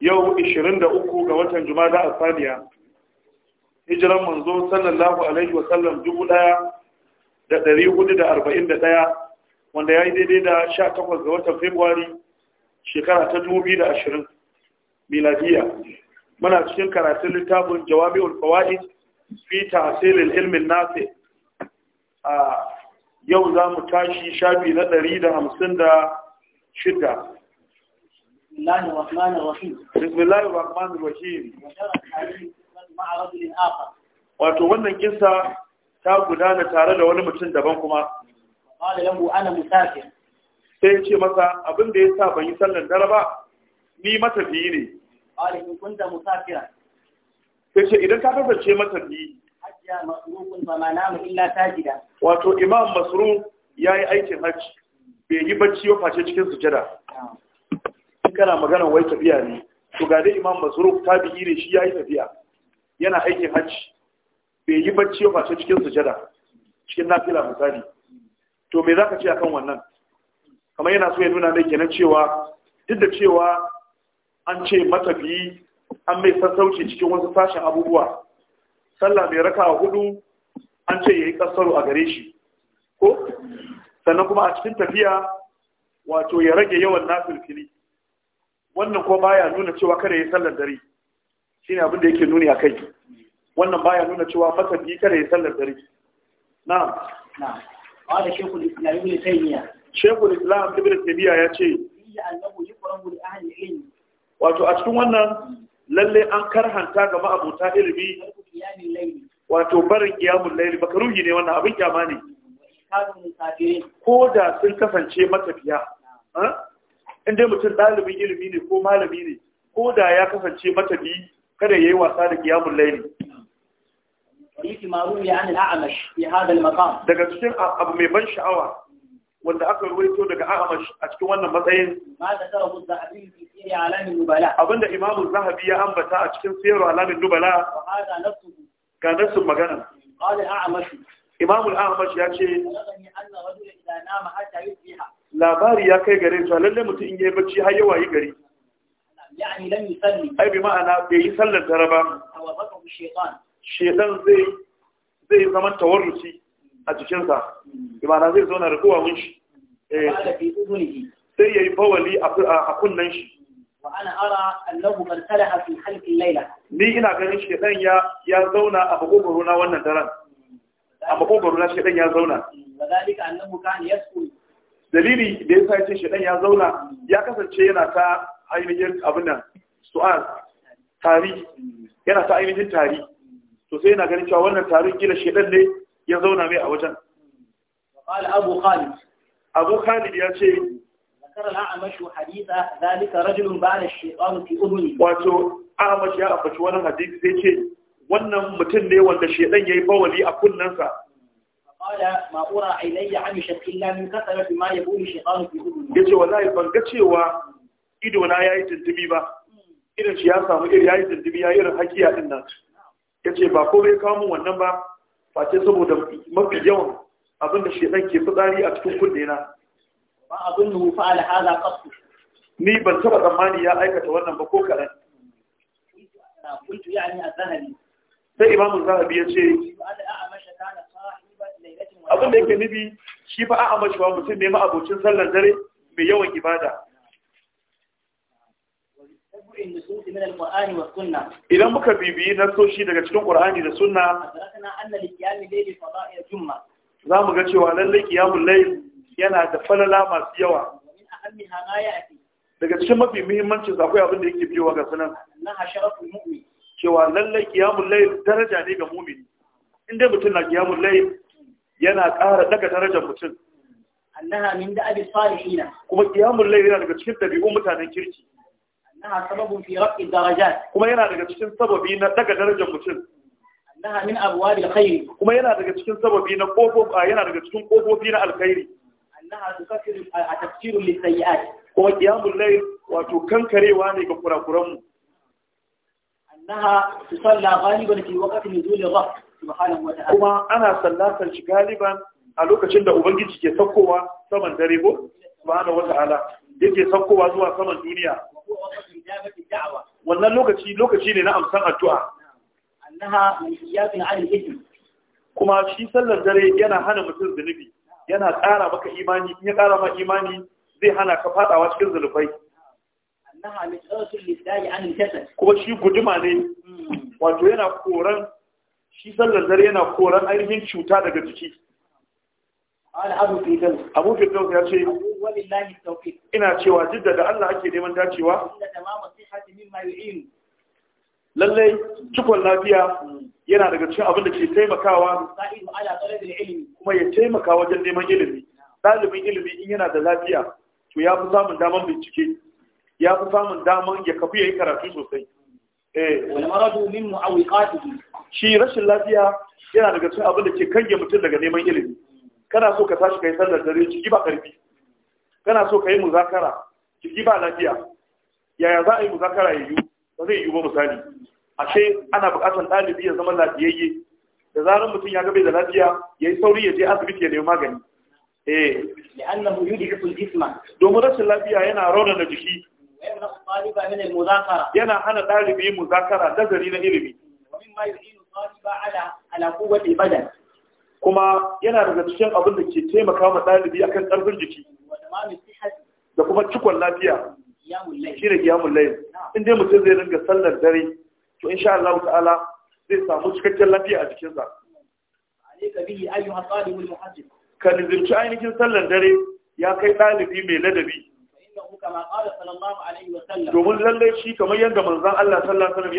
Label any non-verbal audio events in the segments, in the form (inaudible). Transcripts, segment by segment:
yau 23 ga watan jumada a saniya hijiran manzo sallallahu alaihi wa sallam dubu daya da dari hudu da arba'in da daya wanda ya yi daidai da sha takwas ga watan februari shekara ta dubu da ashirin miladiya muna cikin karatun littafin jawabi'ul fawaid fi tahsilil ilmin nafi a yau za mu tashi shafi na ɗari da hamsin da shida بسم الله الرحمن الرحيم wato wannan kinsa ta gudana tare da wani mutum daban kuma ana musafir sai ya ce masa abin da yasa ban yi sallar dare ba ni matafiyi ne kunta musafira sai ce idan ka kasance matafiyi wato imam masruk yayi aikin hajji bai yi bacci ba face cikin sujada in kana magana wai tafiya ne to ga dai imam masruf tabi'i ne shi yayi tafiya yana aikin hajji bai yi bacci ba sai cikin sujada cikin nafila misali to me zaka ce akan wannan kamar yana so ya nuna mai kenan cewa duk da cewa an ce matafiyi an mai sassauci cikin wasu sashen abubuwa sallah mai raka a hudu an ce ya yi kasaro a gare shi ko sannan kuma a cikin tafiya wato ya rage yawan nafil fili wannan ko baya nuna cewa kada ya sallar dare shine abin da yake nuni a kai wannan baya nuna cewa masafi kada ya sallar dare na'am na'am wa da islam taymiya islam taymiya ya ce wato a cikin wannan lalle an karhanta ga ma'abuta ilimi wato barin kiyamun laili ruhi ne wannan abin kyama ne ko da sun kasance matafiya in dai mutum ɗalibin ilimi ne ko malami ne ko da ya kasance matabi kada ya yi wasa da kiyamun laili daga cikin abu mai ban sha'awa wanda aka ruwaito daga a'amash a cikin wannan matsayin abinda imamu zahabi ya ambata a cikin siyar alamin nubala ga nasu magana imamu al'amash ya ce labari ya kai gare su lalle mutum in yayi bacci har yawa yi gari yani lam yusalli ai bi ma'ana bai yi sallar dare ba shaytan zai zai zama tawarruci a cikin sa bi ma'ana zai zauna rukuwa mun shi eh sai yayi bawali a kunnan shi wa ana ara annahu man talaha fi al layla ni ina ganin shaytan ya ya zauna a bakogoro na wannan daren a bakogoro na shaytan ya zauna dalili da ya sace shi dan ya zauna ya kasance yana ta ainihin abin nan su'al tari yana ta ainihin tari to sai yana ganin cewa wannan tarin gina shedan ne ya zauna mai a wajen abu khalid abu khalid ya ce ذكر الأعمش حديث ذلك رجل بعد الشيطان في أذنه قال ما أرى عيني عمشت إلا من كثرة ما يقول الشيطان في أذني يجي والله بنقتشي و ido na yayi tuntubi ba irin shi ya samu iri yayi tuntubi ya irin hakiya din nan ce ba komai bai kawo wannan ba face saboda mafi yawan abin da shedan ke fitsari a cikin kunne na ba abin da fa'ala alhaza qasdu ni ban taba tsammani ya aikata wannan ba ko kaɗan. sai imam zahabi ya ce wanda yake nufi shi fa a'a ba mutum ne ma abocin sallar dare mai yawan ibada idan muka bibiyi nasoshi daga cikin ƙur'ani da sunna za mu ga cewa lallai kiyamun lai yana da falala masu yawa daga cikin mafi muhimmancin zakwai akwai abin da yake biyowa ga sunan cewa lallai kiyamun lai daraja ne ga mu'mini inda mutum na kiyamun lai yana ƙara daga darajar mutum annaha min da'abi salihina kuma qiyamul layl yana daga cikin dabi'un mutanen kirki annaha sababun fi rafi darajat kuma yana daga cikin sababi na daga darajar mutum annaha min abwabil khair kuma yana daga cikin sababi na kofofi yana daga cikin kofofi na alkhairi annaha tukaffiru a tafsiru lis-sayyi'at kuma qiyamul layl wato kankarewa ne ga kurakuran mu annaha tusalla ghaliban fi waqti nuzul ar-rafi kuma ana sallatar shi galiban a lokacin da ubangiji ke saukowa saman dare ko subhanahu wata'ala yake saukowa zuwa saman duniya wannan lokaci lokaci ne na amsan addu'a kuma shi sallar dare yana hana mutum zunubi yana ƙara maka imani in ya ƙara ma imani zai hana ka fadawa cikin zulufai kuma shi guduma ne hmm. wato yana koran shi sallar dare yana koran ainihin cuta daga jiki abu firdaus ya ce ina cewa jidda da Allah ake neman dacewa lallai cikon lafiya yana daga cikin abin da ke taimakawa kuma ya taimaka wajen neman ilimi ɗalibin ilimi in yana da lafiya to ya fi samun daman bincike ya fi samun daman ya kafu ya yi karatu sosai eh. shi rashin lafiya yana daga cikin abin da ke kange mutum daga neman ilimi kana so ka tashi kai sallar dare jiki ba karfi kana so ka yi muzakara jiki ba lafiya yaya za a yi muzakara ya ba zai yi ba misali ashe ana buƙatar ɗalibi ya zama lafiyayye da zarar mutum ya gabe da lafiya ya yi sauri ya je asibiti ya nemi magani eh li'annahu yudhiku al-jisma domin rashin lafiya yana da jiki yana hana ɗalibi muzakara nazari na ilimi kuma yana daga cikin abin da ke taimaka ma ɗalibi akan ƙarfin jiki da kuma cikon lafiya shi da kiyamun layin in dai mutum zai ringa sallar dare to in sha Allah ta'ala zai samu cikakken lafiya a jikinsa ka nizirci ainihin sallar dare ya kai ɗalibi mai ladabi domin lallai shi kamar yadda manzan Allah sallallahu alaihi wasallam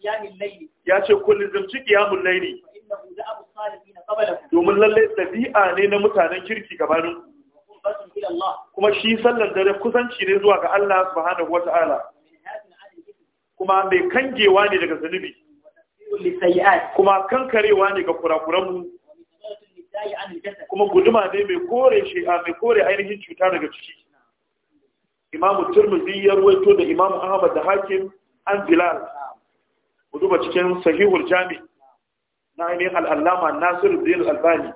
ya faɗa ne ya ce kullum zumci qiyamul layli domin lallai dabi'a ne na mutanen kirki gabanin kuma shi sallar dare kusanci ne zuwa ga Allah subhanahu wata'ala kuma mai kangewa ne daga zunubi kuma kankarewa ne ga kurakuranmu kuma guduma ne mai kore shi a mai kore ainihin cuta daga ciki imamu turmuzi ya ruwaito da Imam ahmad da hakim an bilal ku duba cikin sahihul jami na ainihin al'allama nasiru zai albani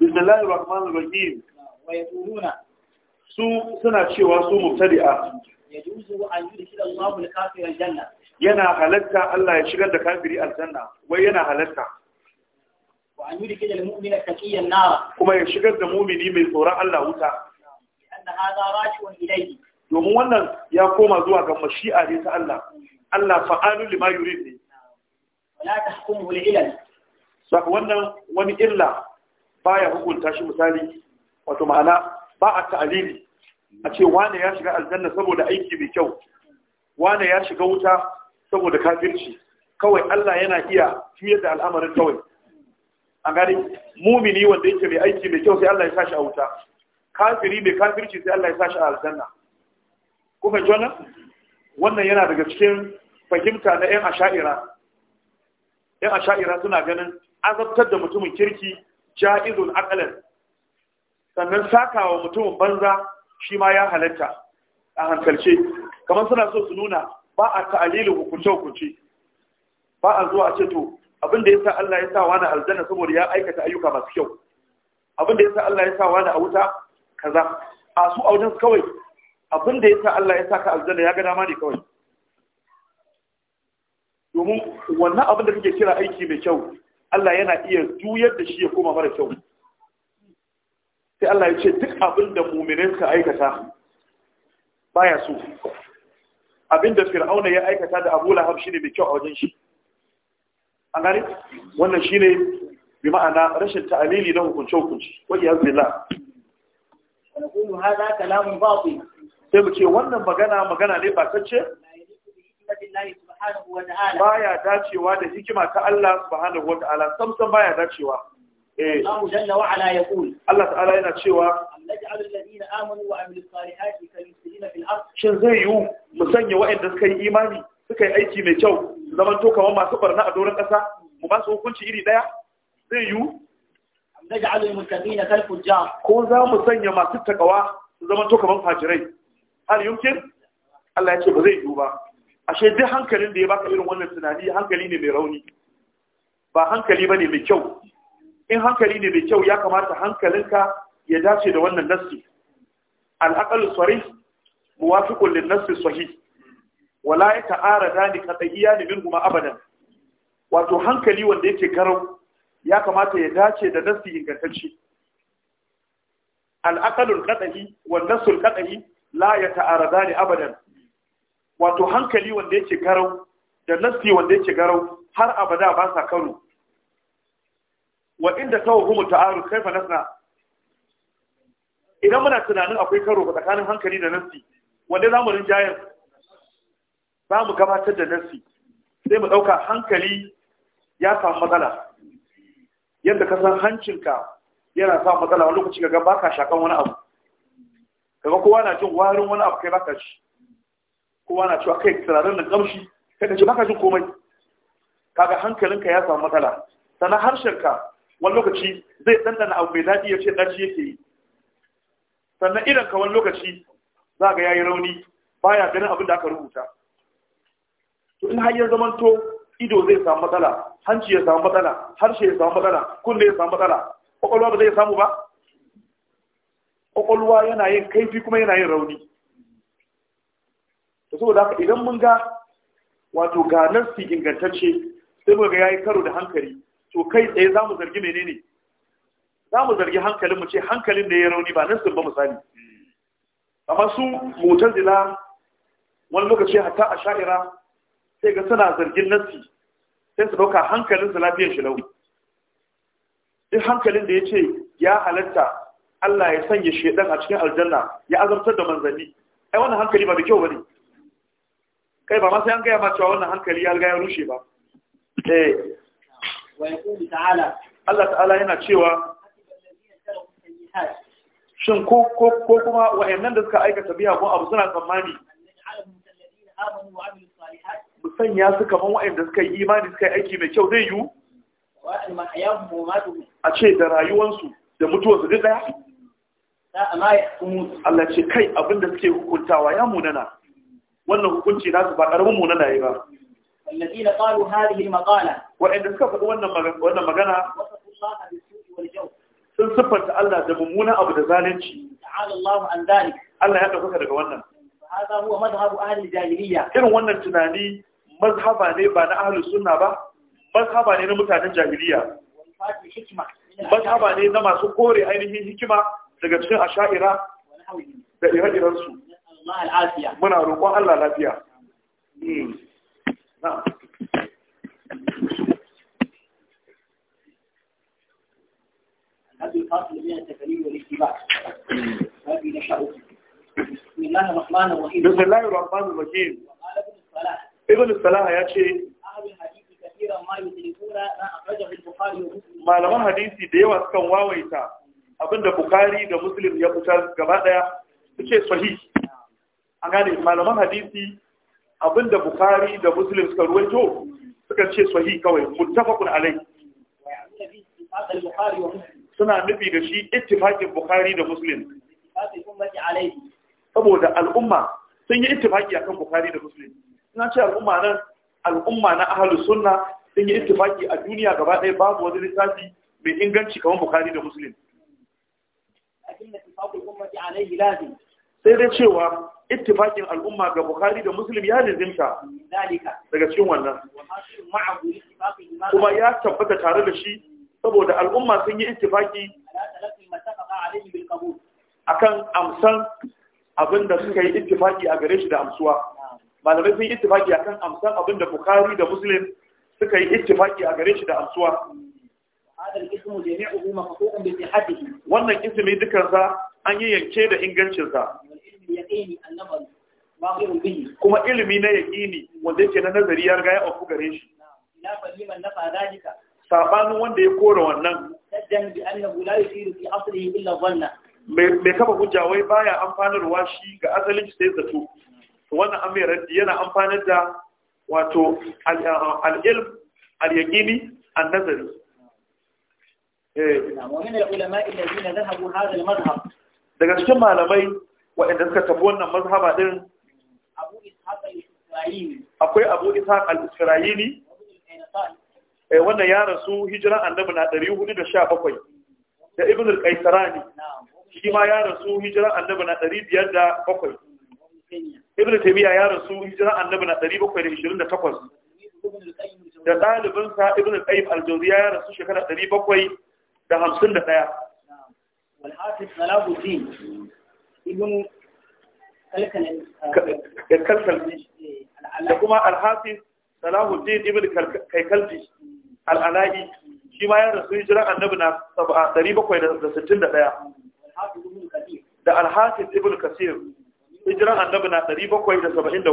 بسم الله الرحمن الرحيم ويقولون su suna cewa su mubtadi'a yana halatta Allah ya shigar da kafiri aljanna wai yana halatta kuma ya shigar da mumini mai tsoron Allah wuta domin wannan ya koma zuwa ga mashi'a ne ta Allah Allah fa'alu lima yurid ne wala tahkumu lil saka wannan wani illa baya hukunta shi misali wato ma'ana ba a ta'alili a ce wane ya shiga aljanna saboda aiki mai kyau wane ya shiga wuta saboda kafirci kawai Allah yana iya fiye da al'amarin kawai a gani mumini wanda yake mai aiki mai kyau sai Allah ya sa shi a wuta kafiri mai kafirci sai Allah ya sa shi a aljanna ku fahimci wannan wannan yana daga cikin fahimta na 'yan asha'ira 'yan asha'ira suna ganin azabtar da mutumin kirki ja'izun akalan sannan sakawa mutumin banza shi ma ya halatta a hankalce kamar suna so su nuna ba a ta'alilin hukunce-hukunce ba a zuwa ce to abin da ya sa Allah ya sa wani aljanna saboda ya aikata ayyuka masu kyau abin da ya sa Allah ya sa wani a wuta kaza a su wajen kawai abin da ya sa Allah ya sa ka aljanna ya ga dama ne kawai domin wannan abin da kake kira aiki mai kyau Allah yana iya juyar da shi ya koma mara kyau sai Allah ya ce duk abin da muminai suka aikata baya so abin da fir'auna ya aikata da abu lahab shine mai kyau a wajen shi an gani wannan shine bi ma'ana rashin ta'alili na hukunce hukunci wa yanzu la sai mu ce wannan magana magana ne ba tacce baya dacewa da hikima ta Allah subhanahu wa ta'ala samsan baya dacewa الله جل وعلا يقول الله تعالى yana cewa naj'al alladhina amanu wa amilus salihati kal-mufsidina fil shin zai yu musanya waɗanda suka yi imani suka yi aiki mai kyau zaman to kamar masu barna a doron ƙasa? mu ba su hukunci iri ɗaya? zai yu naj'al al-muttaqina kal-fujjar ko za mu sanya masu takawa su zaman to kamar fajirai Har yumkin Allah ya ce ba zai yi ba ashe duk hankalin da ya baka irin wannan tunani hankali ne mai rauni ba hankali bane mai kyau in hankali ne mai kyau ya kamata hankalinka ya dace da wannan nassi Al'aƙalin aqal sarih muwafiqun lin nassi sahih wala yata'arada ne qadhiyan kuma abadan wato hankali wanda yake garau ya kamata ya dace da nassi ingantacce Al'aƙalin aqalul wa wan nassul la la ta'ara li abadan wato hankali wanda yake garau da nassi wanda yake garau har abada ba sa karo wa inda tawhumu ta'arud kaifa nasna idan muna tunanin akwai karo tsakanin hankali da nafsi wanda zamu rinjayen za mu gabatar da nafsi sai mu dauka hankali ya samu matsala yadda ka san hancinka yana sa matsala wani lokaci ga baka shakan wani abu kaga kowa na jin warin wani abu kai baka shi kowa na cewa kai tsirarin nan kamshi kai ka ji baka jin komai kaga hankalinka ya samu matsala sannan harshenka wani lokaci zai ɗanɗana abu mai daɗi ya ce ɗaci yake yi sannan idan ka wani lokaci za ga yayi rauni baya ganin abin da aka rubuta to in har ya zamanto ido zai samu matsala hanci ya samu matsala harshe ya samu matsala kunne ya samu matsala Ƙwaƙwalwa ba zai samu ba Ƙwaƙwalwa yana yin kaifi kuma yana yin rauni to saboda haka idan mun ga wato ga nassi ingantacce sai muka ga yayi karo da hankali to kai tsaye za mu zargi menene za mu zargi hankalin mu ce hankalin da ya rauni ba nan ba misali amma su zila wani lokaci hatta a sha'ira sai ga suna zargin nassi sai su dauka hankalin su lafiyar shi lau duk hankalin da ya ce ya halatta Allah ya sanya shedan a cikin aljanna ya azabtar da manzanni ai wannan hankali ba da kyau bane kai ba ma sai an gaya ma cewa wannan hankali ya riga ya rushe ba eh Allah ta'ala yana cewa shin ko kuma wa'annan da suka aikata biya ko abu suna tsammani musanya su kaman wa'anda suka yi imani suka yi aiki mai kyau zai yi a ce da rayuwansu da mutuwarsu duk daya Allah ce kai abinda suke hukuntawa ya munana wannan hukunci nasu ba ƙaramin munana ya ba الذين قالوا هذه المقالة وإن سكفت وأن مغانا وصفوا الله بالسوء والجو sun siffanta Allah da mummunan abu da zalunci Allah ya ɗaukaka daga wannan irin wannan tunani mazhaba ne ba na ahli sunna ba mazhaba ne na mutanen jahiliya mazhaba ne na masu kore ainihin hikima daga cikin asha'ira da ire-irensu muna roƙon Allah lafiya هذه القاصل da yawa والاتباع هذه نشأه بسم الله الرحمن الرحيم بسم الله الرحمن الرحيم وقال abinda bukari da muslim ya fitar gaba daya suke sahih an gane malaman hadisi abinda bukari da muslim suka ruwaito suka ce sahi kawai muttafaqun alai suna nufi da shi ittifaqin bukari da muslim saboda al'umma sun yi ittifaqi akan bukari da muslim suna ce al'umma nan al'umma na ahlus sunna sun yi ittifaqi a duniya gaba ɗaya babu wani lissafi mai inganci kamar bukari da muslim sai dai cewa ittifaqin al'umma ga Bukhari da Muslim ya lazimta daga cikin wannan kuma ya tabbata tare da shi saboda al'umma sun yi ittifaqi akan amsan abinda suka yi ittifaqi a gare shi da amsuwa malamai sun yi ittifaqi akan amsan abinda Bukhari da Muslim suka yi ittifaqi a gare shi da amsuwa wannan ismi dukansa an yi yanke da ingancinsa kuma ilimi na yaƙini wanda yake na nazari ya riga ya auku gare shi saɓanin wanda ya kora wannan mai kafa hujja wai baya amfanarwa shi ga asalin shi sai zato wannan an mai raddi yana amfanar da wato al'ilm al'yaƙini a nazari eh. daga cikin malamai waɗanda suka tafi wannan mazhaba ɗin akwai abu isa al-isra'ili eh wannan ya rasu hijiran annabi na 417 da ibn al-qaisarani shi ma ya rasu hijiran annabi na 507 ibn taymiya ya rasu hijiran annabi na 728 da dalibin sa ibn al-qayyim al-jawziya ya rasu shekara 751 Uh, eh, da kuma Alhafi salahuddin ibn kalkalbi hmm. al'ala'i hmm. shi ma ya rasu hijiran annabi na 761 hmm. da alhafiz ibn kasir hijiran annabi na 774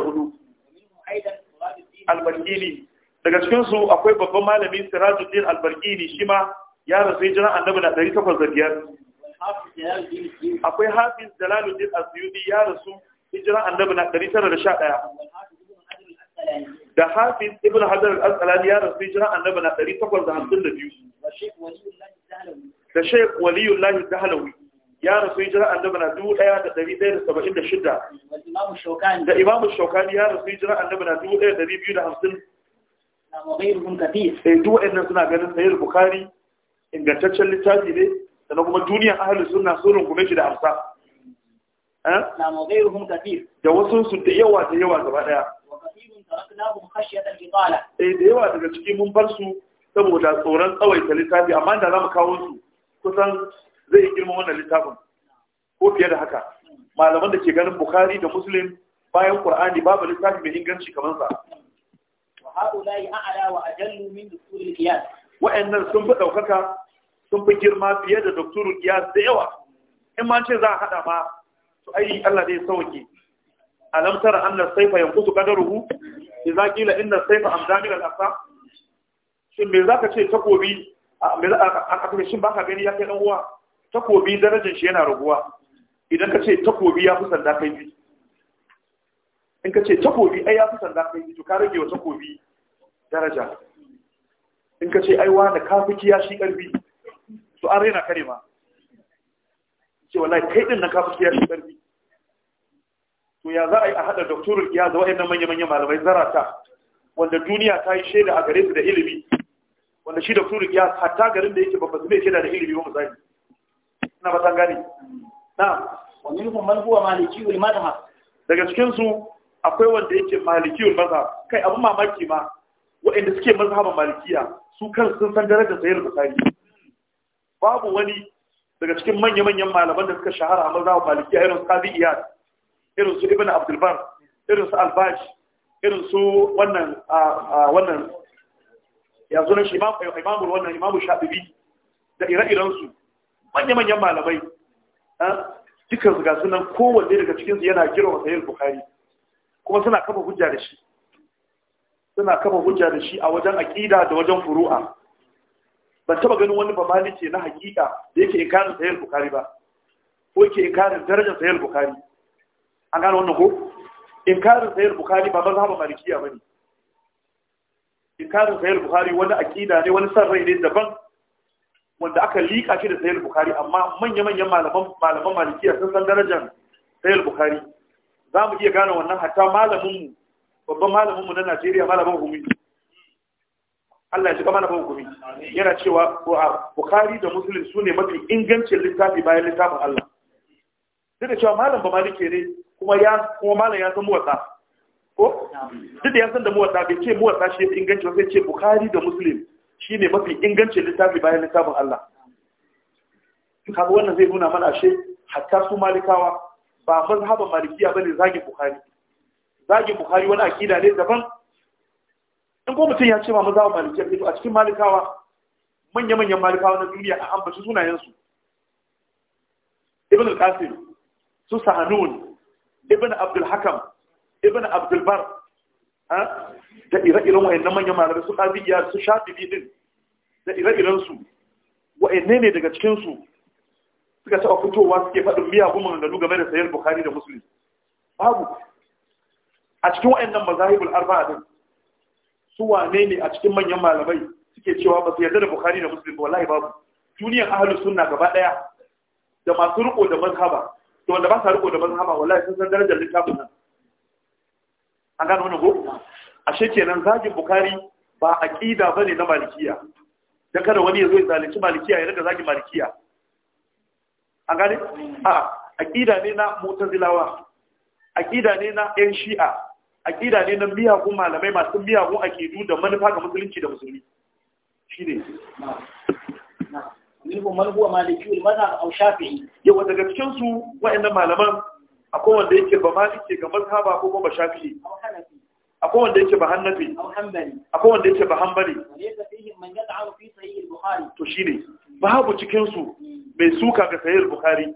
albarkini daga cikinsu akwai babban malami sirajuddin albarkini shi ma ya rasu hijiran annabi na 805 akwai hafiz din asyudi ya rasu hijira annabi na 1911 da hafiz ibn hajar al-asqalani ya rasu hijira annabi na 1852 da sheikh waliyullah dahlawi ya rasu hijira annabi na 1176 da imamu shaukani ya rasu hijira annabi na 1250 eh duk wa'annan suna ganin sahih bukhari ingantaccen littafi ne sannan kuma duniyar ahalin suna sun rungume shi da amsa eh? da wasu su da yawa da yawa gaba daya eh da yawa daga ciki mun bar su saboda tsoron tsawaita littafi amma da za mu kawo su kusan zai yi wannan littafin ko fiye da haka malaman da ke ganin bukhari da muslim bayan qur'ani babu littafi mai inganci kamar sa wa haula ya'ala wa ajallu min usul qiyas wa'annan sun fi daukaka sun fi girma fiye da doktorul iyas da yawa in ma ce za a haɗa ma to ai Allah zai sauke alam tara anna sayfa yanqutu qadaruhu idza qila inna sayfa amdamil al-aqsa shin me zaka ce takobi me za a kuma shin baka gani ya kai dan uwa takobi darajar shi yana raguwa idan ka ce takobi ya fi sanda kai bi in ka ce takobi ai ya fi sanda kai bi to ka rage wa takobi daraja in ka ce ai wani kafiki ya shi karbi to an raina kare ma ce wallahi kai din na kafa kiyar yashi karfi to ya za a yi a haɗa doktorul kiyar da wa'annan manya-manyan malamai zarata wanda duniya ta yi shaida a gare su da ilimi wanda shi doktorul kiyar hatta garin da yake babba su bai shaida da ilimi ba misali ina ba san gane na wani nufin malhuwa maliki wal madhab daga cikin su akwai wanda yake maliki wal madhab kai abin mamaki ma wa'anda suke mazhaban malikiya su kan sun san darajar sayar da misali babu wani daga cikin manya-manyan malaman da suka shahara a mazhabin malikiya irin su qadi iyad irin su ibn abdulbar irin su albash irin su wannan wannan ya zo na imam imamu wannan imamu shafi'i da ire-iren su manya-manyan malamai dukkan su ga sunan kowanne daga cikin su yana girma yin bukari kuma suna kafa hujja da shi suna kafa hujja da shi a wajen aƙida da wajen furu'a ban taba ganin wani ba ce na hakika da yake inkarin sayar bukari ba ko yake inkarin darajar sayar bukari an gano wannan ko inkarin sayar bukari ba ban ba malikiya ba ne inkarin sayar bukari wani akida ne wani san rai ne daban wanda aka liƙa shi da sayar bukari amma manya-manyan malaman malikiya sun san darajar sayar bukari za mu iya gane wannan hatta malaminmu babban malaminmu na najeriya malamin hukumi Allah ya shiga mana babu gumi yana cewa Bukhari da Muslim su ne mafi ingancin littafi bayan littafin Allah duk da cewa malam ba malike ne kuma ya kuma malam ya san muwatsa ko duk da ya san da muwatsa bai ce muwatsa shi yafi inganci ba sai ce Bukhari da Muslim shi ne mafi ingancin littafi bayan littafin Allah kaba wannan zai nuna mana ashe hatta su malikawa ba mazhaban malikiya bane zagin Bukhari zagin Bukhari wani akida ne daban in ko mutum ya ce ma maza malikiyar ido a cikin malikawa manya-manyan malikawa na duniya a ambaci sunayensu ibn al-qasim su sahanun ibn abdul hakam ibn abdul bar da ire-iren na manyan malarai su qaziya su shafi bidin da ire-iren su wa'in ne daga cikinsu suka taɓa fitowa suke faɗin miya goma na nanu game da sayar bukhari da musulun babu a cikin nan mazahibul arba'a din su wane ne a cikin manyan malamai suke cewa ba su yarda da bukari da musulun ba wallahi babu duniyar ahlus sunna gaba daya da masu riko da mazhaba da wanda ba sa riko da mazhaba wallahi sun san darajar littafin nan an gano wannan a ashe kenan zagin bukari ba aqida bane na malikiya dan kada wani ya zo ya zalunci malikiya ya rika zagin malikiya an gane a aqida ne na mutazilawa aqida ne na yan shi'a aƙida ne na miyagun malamai masu miyagun aƙidu da manufa ga musulunci da musulmi shi ne minhum man huwa maliki wal daga malaman akwai wanda yake ba ke ga mazhaba ko ba shafi'i akwai wanda yake ba hannafi akwai wanda yake ba hanbali to shine babu cikin su mai suka ga sahih bukhari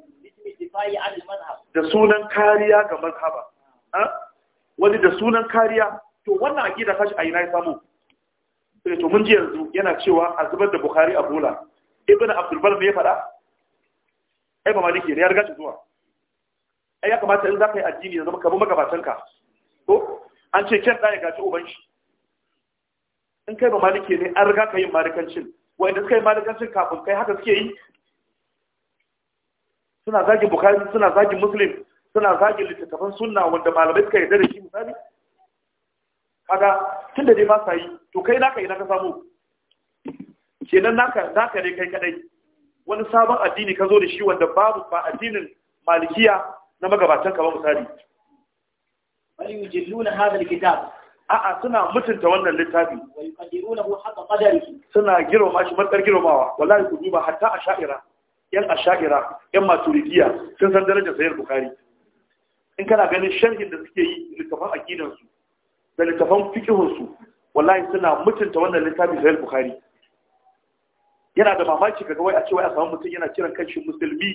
da sunan kariya ga mazhaba wani da sunan kariya to wannan aqida kashi a ina ya samu sai eh, to mun ji yanzu yana cewa a zubar da bukhari a bola ibnu abdul bal me ya faɗa ai ba maliki ne ya riga shi zuwa ai ya kamata in za ka yi addini ya zama ka bi ko an ce kyan ɗaya gaci uban shi in kai ba maliki ne an riga ka yin malikancin da suka yi malikancin kafin kai haka suke yi suna zagin bukhari suna zagin muslim suna zagin littattafan sunna wanda malamai suka yarda da shi misali kaga da dai ba sa yi to kai naka ina ka samu kenan naka naka ne kai kadai wani sabon addini ka zo da shi wanda babu ba addinin malikiya na magabatan ka ba misali bal yujilluna hadha kitab. a'a suna mutunta wannan littafi suna girma shi matsar girmawa wallahi ku duba hatta sha'ira yan a sha'ira yan maturidiya sun san darajar sayar bukari in kana ganin sharhin da suke yi littafan aqidan su da littafan fiqhun su wallahi suna mutunta wannan littafin Sahih Bukhari yana da mamaki kaga wai a ce wai a samu mutum yana kiran kanshi musulmi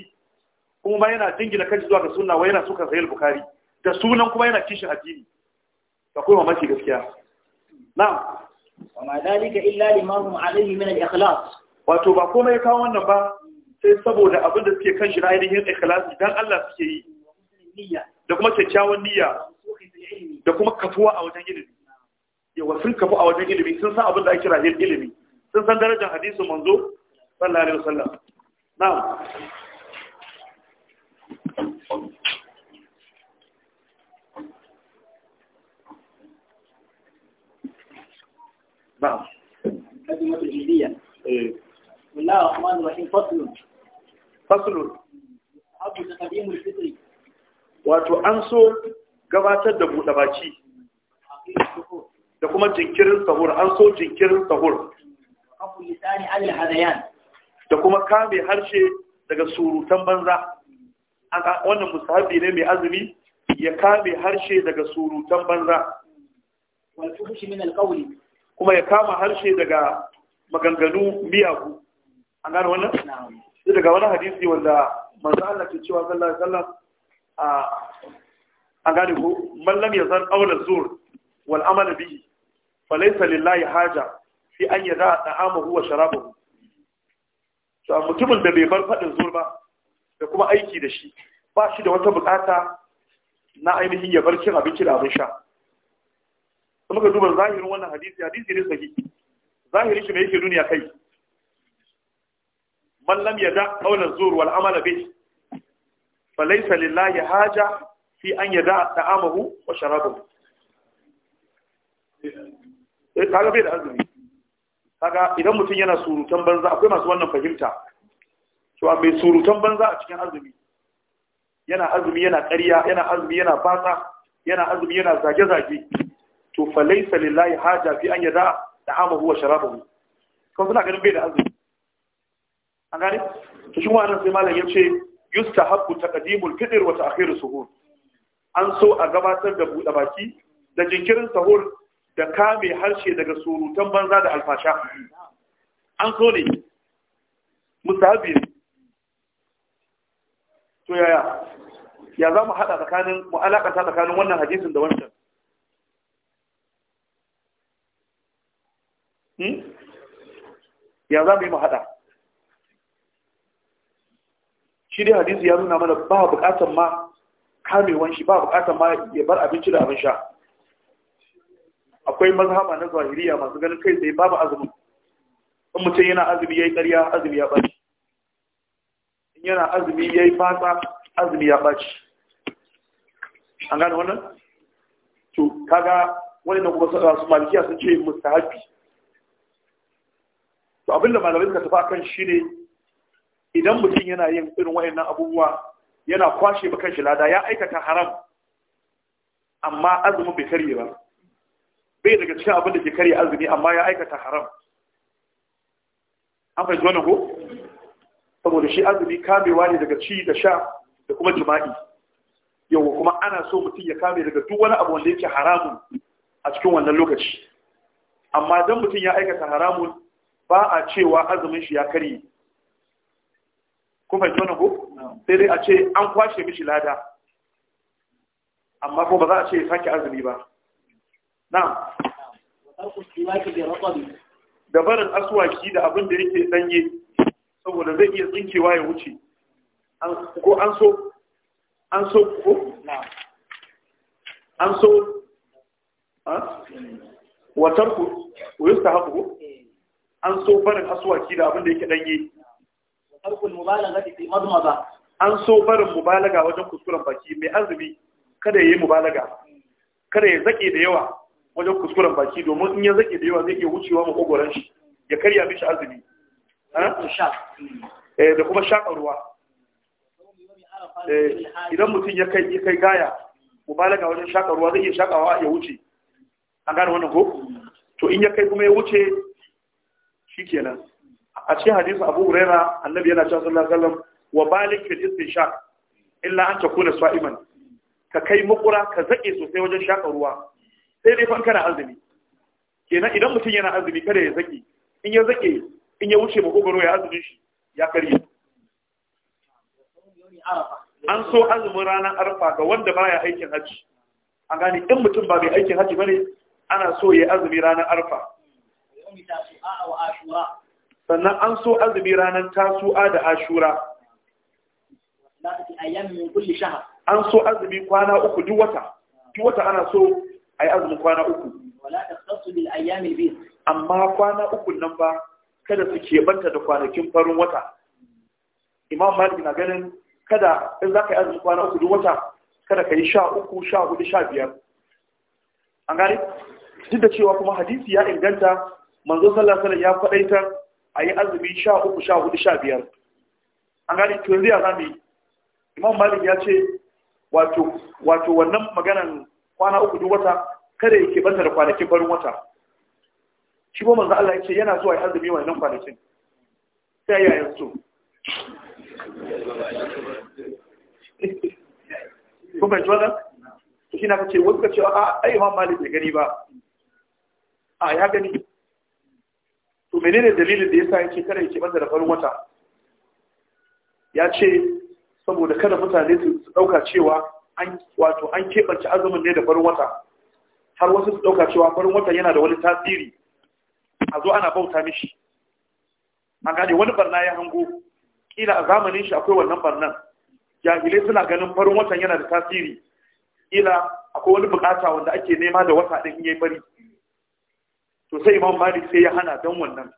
kuma ma yana dingina kanshi zuwa ga sunna wai yana suka Sahih Bukhari da sunan kuma yana kishin addini da kuma mamaki gaskiya na'am wa ma dalika illa limahum alayhi min al-ikhlas wato ba komai ya kawo wannan ba sai saboda abin da suke kan shi na ainihin ikhlasi dan Allah suke yi da kuma kyakkyawan niyya da kuma kafuwa a wajen ilimi yawa sun kafu a wajen ilimi sun san abin da ake kira ilimi sun san darajar hadisu, manzo sallallahu alaihi wasallam na'am نعم مقدمة الجزية إيه. بسم الله فصل فصل تقديم الفطر wato an so gabatar da buɗe baki da kuma jinkirin sahur an so jinkirin sahur da kuma kame harshe daga surutan banza wannan musahabi ne mai azumi ya kame harshe daga surutan banza kuma ya kama harshe daga maganganu miyagu an gane wannan daga wani hadisi wanda manzana ke cewa sallallahu alaihi A gane ko mallam ya san aure zuwa wal bi bihi falaisa lillahi haja fi an yada da huwa wa sharabahu to mutumin da bai bar faɗin zuwa ba da kuma aiki da shi ba shi da wata bukata na ainihin ya bar cin abinci da abin sha kuma ka duba zahirin wannan hadisi hadisi ne sahihi zahirin shi me yake duniya kai Mallam ya da aure zur wal amala bihi فليس لله haja fi أن يدع ta'amahu wa sharabahu eh kaga bai da azumi kaga idan mutum yana surutan banza akwai masu wannan fahimta cewa mai surutan banza a cikin azumi yana azumi yana ƙarya yana azumi yana fasa yana azumi yana zage-zage to laysa lillahi haja fi an yada ta'amahu wa sharabahu kan suna ganin bai da azumi an gane to shi wannan sai malam ya ce yustahabbu taqdimul fitr wa ta'khirus suhur an so a gabatar da buɗe baki da jinkirin sahur da kame harshe daga surutan banza da alfasha an so ne musahabi to yaya ya za mu haɗa tsakanin mu alaƙata tsakanin wannan hadisin da wancan hmm? ya za mu yi mu haɗa shi dai hadisi ya nuna mana ba buƙatar ma kamewan shi ba buƙatar ma ya bar abinci da abin sha akwai mazhaba na zahiriya masu ganin kai sai babu azumi in mutum yana azumi yayi ƙarya azumi ya ɓaci in yana azumi yayi fata azumi ya ɓaci an gane wannan to kaga wani na kuma su malikiya sun ce mustahabi to abinda malamai suka tafi akan shi ne idan mutum yana yin irin wayannan abubuwa yana kwashe ba kan lada ya aikata haram amma azumin bai karye ba bai daga cikin abin da ke karye azumi amma ya aikata haram an fahimci wannan ko saboda shi azumi kamewa ne daga ci da sha da kuma jima'i yawa kuma ana so mutum ya kame daga duk wani abu wanda yake haramun a cikin wannan lokaci amma don mutum ya aikata haramun ba a cewa azumin shi ya karye ko bai tona ko sai dai a ce an kwashe mishi lada amma ko ba za a ce ya sake azumi ba na da barin aswaki da abin da yake danye saboda zai iya tsinkewa ya wuce ko an so an so ko an so watar ku ko yusta haku an so barin aswaki da abin da yake danye tarkul fi madmada an so barin mubalaga wajen kuskuren baki mai azumi kada yayi mubalaga kada ya zake da yawa wajen kuskuren baki domin in ya zake da yawa zai iya wucewa makogoran shi ya karya mishi azumi da kuma shaƙarwa. ruwa eh, eh, idan mutum ya kai kai gaya mubalaga wajen shaƙarwa ruwa zai iya shaƙawa ya wuce an gane wannan ko mm. to in ya kai kuma ya wuce shikenan a cikin hadisi Abu Huraira annabi yana cewa sallallahu alaihi wasallam wa balik jismi istinshaq illa an takuna sa'iman ka kai mukura ka zake sosai wajen shaka ruwa sai dai fanka na azumi kenan idan mutum yana azumi kada ya zake in ya zake in ya wuce makogaro ya azumi shi ya karye an so azumin ranar arfa ga wanda baya aikin hajji an gane in mutum ba mai aikin hajji bane ana so ya azumi ranar arfa sannan an so azumi ranar tasu'a da ashura an so azumi kwana uku duk wata duk wata ana so a yi azumin kwana uku amma kwana uku nan ba kada su keɓanta da kwanakin farin wata imam malik na ganin kada in za ka yi azumin kwana uku duk wata kada ka yi sha uku sha hudu sha biyar an gani duk da cewa kuma hadisi ya inganta manzo sallallahu alaihi ya faɗaitar a yi azumi sha uku sha hudu sha biyar an gani to a zami imam malik ya ce wato wato wannan maganan kwana uku duk wata kada ya ke banta da kwanakin barin wata shi ba manzo Allah ya ce yana zuwa ya azumi wannan kwanakin sai ya yanzu ko bai jona to shi na kace wanda ce a ai imam malik bai gani ba a ya gani menene dalilin da ya sa yake kada yake masa da farin wata ya ce saboda kada mutane su dauka cewa an wato an keɓance azumin ne da farin wata har wasu su dauka cewa farin wata yana da wani tasiri a zo ana bauta mishi an gane wani barna ya hango kila a zamanin shi akwai wannan barnan jahilai suna ganin farin watan yana da tasiri kila akwai wani bukata wanda ake nema da wata ɗin yayi bari. to sai imam malik sai ya hana don wannan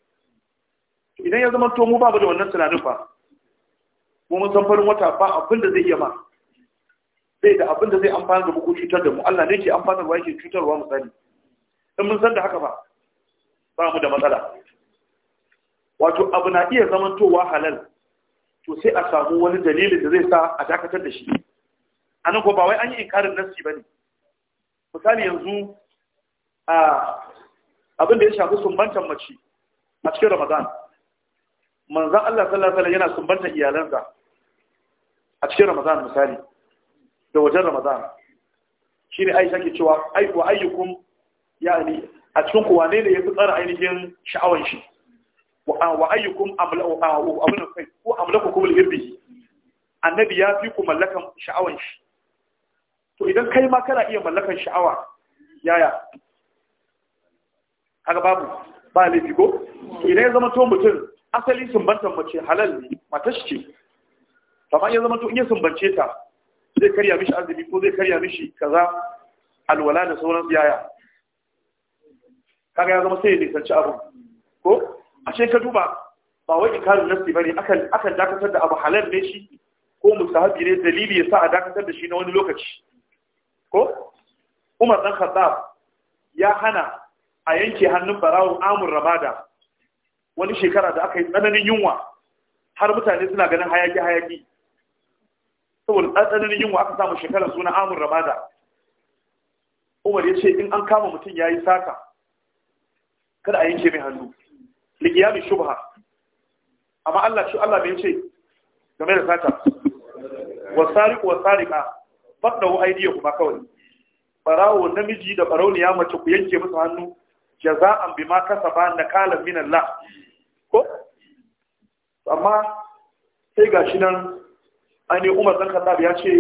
idan ya zama to mu ba da wannan tunanin fa mu mun san farin wata ba abin da zai yi ma sai da abin da zai amfana da mu cutar da mu Allah ne ke amfanarwa yake cutarwa misali in mun san da haka ba ba mu da matsala wato abu na iya zamantowa halal to sai a samu wani dalilin da zai sa a dakatar da shi anan ko ba wai an yi inkarin nasi ba ne misali yanzu a abin da ya shafi sumbantan mace a cikin ramadan manzan Allah sallallahu alaihi yana sumbantan iyalansa a cikin ramadan misali da wajen ramadan shi ne aisha ke cewa wa ayyukum ya ne a cikin kuwa ne da ya fi tsara ainihin sha'awar shi wa ayyukum abin kai ko amlaku kuma lirbihi annabi ya fi ku mallakan sha'awar shi to idan kai ma kana iya mallakan sha'awa yaya haka babu ba laifi ko idan ya zama to mutum asali sumbantar mace halal ne matar ce amma ya zama to in ya sumbance ta zai karya mishi azumi ko zai karya mishi kaza alwala da sauran yaya kaga ya zama sai ya nisanci abu ko ce ka duba ba wai ikalu nafsi bane akan akan dakatar da abu halal ne shi ko mustahabi ne dalili ya sa a dakatar da shi na wani lokaci ko Umar dan Khattab ya hana a yanke hannun barawun amur ramada wani shekara da aka yi tsananin yunwa har mutane suna ganin hayaki hayaki saboda tsananin yunwa aka samu shekarar suna amur ramada umar ya ce in an kama mutum ya yi saka kada a yanke mai hannu mai shubha amma Allah shi Allah bai ce game da sata ka wasarika fadawo aidiya kuma kawai barawo namiji da barauniya mace ku yanke musu hannu jaza'an ma kasaba nakalan min Allah ko amma sai gashi nan ani Umar dan Khattab ya ce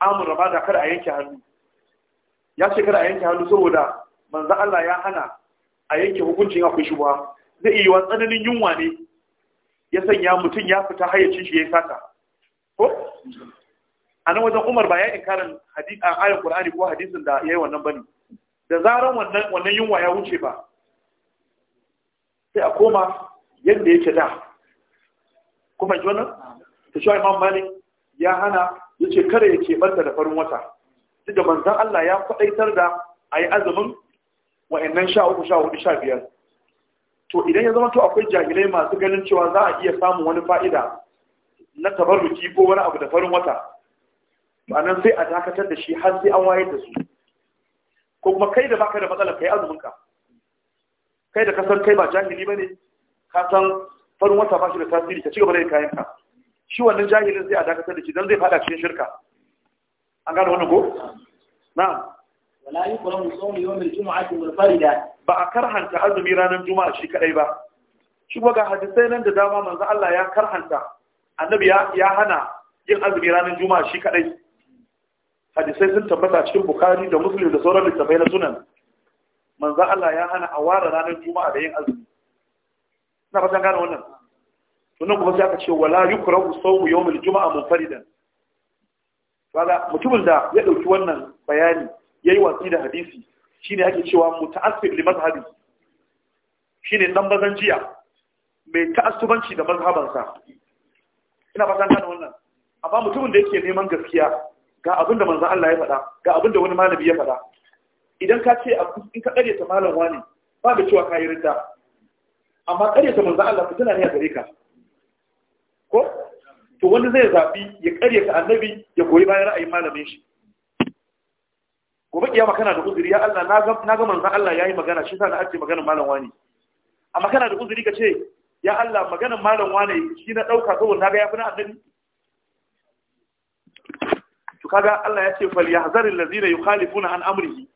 amur rama da a yanke hannu ya ce kada a yanke hannu saboda manzo Allah ya hana a yanke hukuncin akwai shubha zai yi wa tsananin yunwa ne ya sanya mutum ya fita hayyacin shi ya saka ko a nan wajen umar ba ya inkarin hadisan ayan qur'ani ko hadisin da yayi wannan bane da zaran wannan yunwa ya wuce ba sai a koma yadda yake da kuma ji wannan ta shi imam malik ya hana ya ce kare ya keɓanta da farin wata duk da manzan Allah ya kwaɗaitar da a yi azumin wa'annan sha uku sha hudu sha biyar to idan ya zama to akwai jahilai masu ganin cewa za a iya samun wani fa'ida na tabarruki ko wani abu da farin wata ba nan sai a dakatar da shi har sai an wayar da su ko kuma kai da baka da matsala kai azumin ka kai da kasan kai ba jahili bane ka san farin wata ba shi da tasiri ka cigaba da yin kayan ka shi wannan jahilin zai adaka sai da shi dan zai fada cikin shirka an gane wannan ko na'am wala yukrahu sawm yawm al-jum'ati wal farida ba a karhanta azumi ranar juma'a shi kadai ba shi kuma ga hadisai nan da dama manzo Allah ya karhanta annabi ya hana yin azumi ranar juma'a shi kadai hadisai sun tabbata cikin bukari da muslim da sauran littafai na sunan manzo Allah ya hana a ware ranar juma'a da yin azumi ina fatan gane wannan to nan kuma sai aka ce wala yukrahu sawmu yawmil juma'a munfaridan kaga mutumin da ya dauki wannan bayani yayi watsi da hadisi shine ake cewa muta'assib li mazhabi shine dan bazanjiya mai ta'assubanci da mazhabansa ina fatan gane wannan amma mutumin da yake neman gaskiya ga abin da manzan Allah ya faɗa ga abin da wani malami ya faɗa idan ka ce in ka ta malam wani ba da cewa ka yi rinda amma ta manzan Allah ku tana ne a gare ka ko to wani zai zaɓi ya ƙaryata annabi ya koyi bayan ra'ayin malamin shi gobe kiyama kana da uzuri ya Allah na ga manzan Allah ya yi magana shi sa na ajiye maganar malam wani amma kana da uzuri ka ce ya Allah maganar malam wani shi na ɗauka saboda na ga ya fi na annabi to kaga Allah ya ce yahzar allazina yukhalifuna an amrihi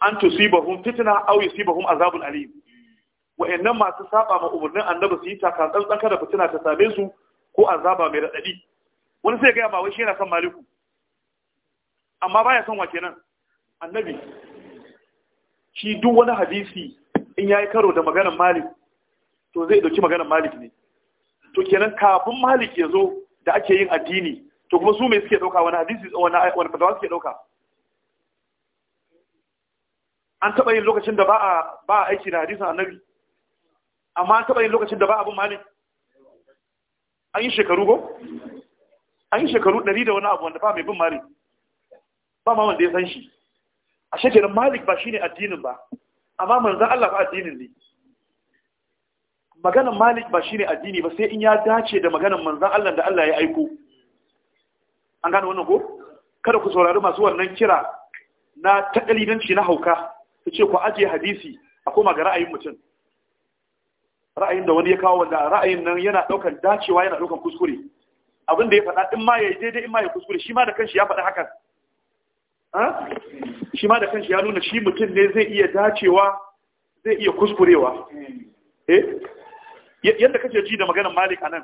an tusibahum fitna aw yusibahum azabun alim wa'annan masu saba ma umarnin annabi su yi taka tsantsan kada fitina ta same su ko azaba mai radadi wani sai ga ba wai shi yana son maliku amma baya son wa kenan annabi shi duk wani hadisi in yayi karo da maganar malik to zai dauki maganar malik ne to kenan kafin malik ya zo da ake yin addini to kuma su me suke dauka wani hadisi wani wani fatawa suke dauka an taba yin lokacin da ba a ba a aiki da hadisin annabi amma an taba yin lokacin da ba abun mali an yi shekaru go an yi shekaru dari da wani abu wanda ba mai bin mali ba ma wanda ya san shi a shekarun malik ba shine addinin ba amma manzan Allah ba addinin ne maganan malik ba shine addini ba sai in ya dace da maganan manzan Allah da Allah ya aiko an gane wannan ko kada ku saurari masu wannan kira na dalilanci na hauka su ce ku ajiye hadisi a koma ga ra'ayin mutum ra'ayin da wani ya kawo wanda ra'ayin nan yana ɗaukar dacewa yana ɗaukar kuskure abin da ya faɗa in ma ya yi daidai in ma ya kuskure shi ma da kanshi ya faɗa hakan shi ma da kanshi ya nuna shi mutum ne zai iya dacewa zai iya kuskurewa Eh? yadda kake ji da maganar malik a nan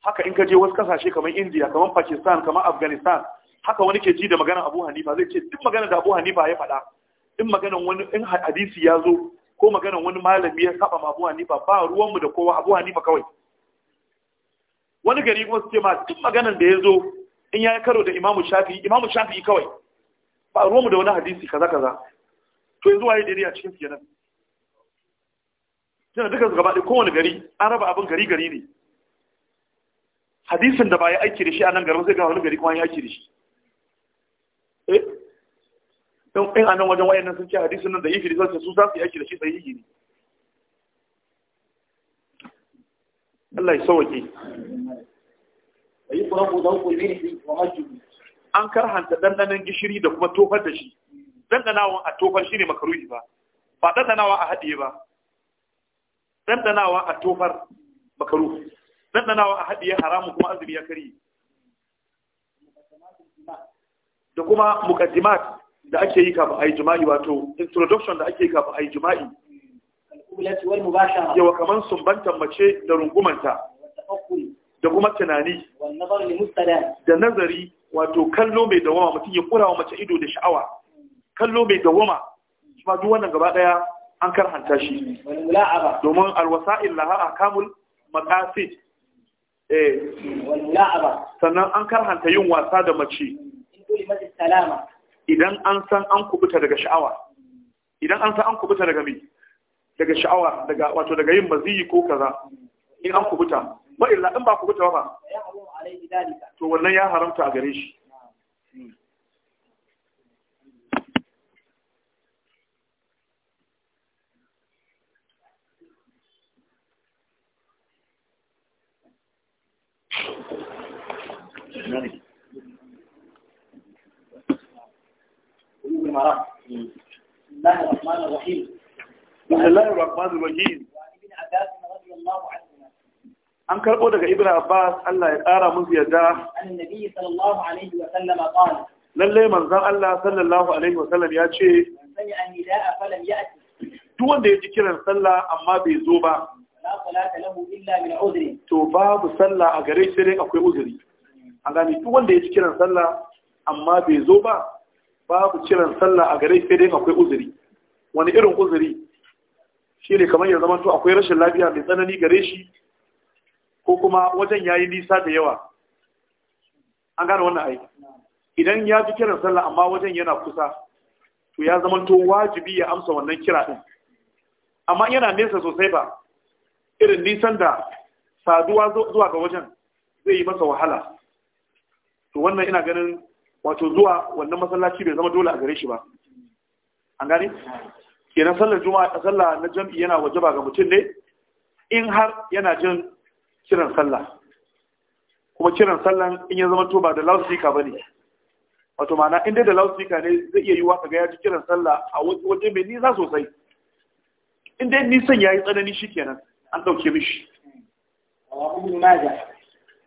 haka in ka je wasu kasashe kamar India kamar Pakistan kamar Afghanistan haka wani ke ji da magana Abu Hanifa zai ce duk magana da Abu Hanifa ya faɗa in magana wani in hadisi ya zo ko magana wani malami ya saba Abu Hanifa ba ruwanmu da kowa Abu Hanifa kawai wani gari kuma su ce ma duk maganan da ya zo in ya karo da Imam Shafi'i imamu shafi kawai ba ruwanmu da wani hadisi kaza kaza to yanzu waye dare a cikin kenan tana duka gaba ɗaya kowane gari an raba abin gari gari ne hadisin da ba ya aiki da shi a nan garin zai gawa wani gari kuma ya aiki da shi eh in a nan wajen nan sun ce hadisin nan da yi da su za su yi aiki da shi yi ne Allah ya sauke an karhanta dandanan gishiri da kuma tofar da shi ɗanɗanawa a tofar shi ne makaruhi ba ba ɗanɗanawa a haɗe ba ɗanɗanawa a tofar makaruhi ɗanɗanawa a haɗiye haramun kuma azumi ya kari da kuma mukaddimat da ake yi kafin ayi jima'i wato introduction da ake yi kafin ayi jima'i yawa kamar sumbantan mace da rungumanta da kuma tunani da nazari wato kallo mai dawama mutum ya kurawa mace ido da sha'awa kallo mai dawama shi duk wannan gaba daya an karhanta shi domin alwasa'il laha kamul maqasid Eh. sannan an karhanta yin wasa da mace idan an san an kubuta daga sha'awa idan an san an kubuta daga mai daga sha'awa daga wato daga yin maziyi ko kaza in an kubuta ba illa in ba kubuta ba to wannan ya haramta a gare shi المرأة بسم الله الرحمن الرحيم بسم الله الرحمن الرحيم عباس رضي الله عنهما an karɓo daga ibn abbas Allah ya ƙara musu yadda annabi sallallahu lalle manzon Allah sallallahu alaihi wa sallam ya ce falam ya'ti duk wanda ya ji kiran sallah amma bai zo ba salata lahu illa to babu sallah a gare shi dai akwai uzuri an gane duk wanda ya ci kiran sallah amma bai zo ba babu kiran sallah a gare shi dai akwai uzuri wani irin uzuri shi ne kamar ya zama to akwai rashin lafiya mai tsanani gare shi ko kuma wajen yayi nisa da yawa an gane wannan aiki idan ya ji kiran sallah amma wajen yana kusa to ya zama to wajibi ya amsa wannan kira din amma yana nesa sosai ba irin nisan da saduwa zuwa ga wajen zai yi masa wahala to wannan ina ganin wato zuwa wannan masallaci bai zama dole a gare shi ba an gani, kenan sallar juma'a sallah na jam'i yana wajaba ga mutum ne in har yana jin kiran sallah kuma kiran sallan in ya zama to ba da ba ne, wato ma'ana in dai da lausika ne zai iya yiwuwa kaga ya ji kiran sallah a waje mai nisa sosai in dai nisan yi tsanani kenan. an ɗauke mishi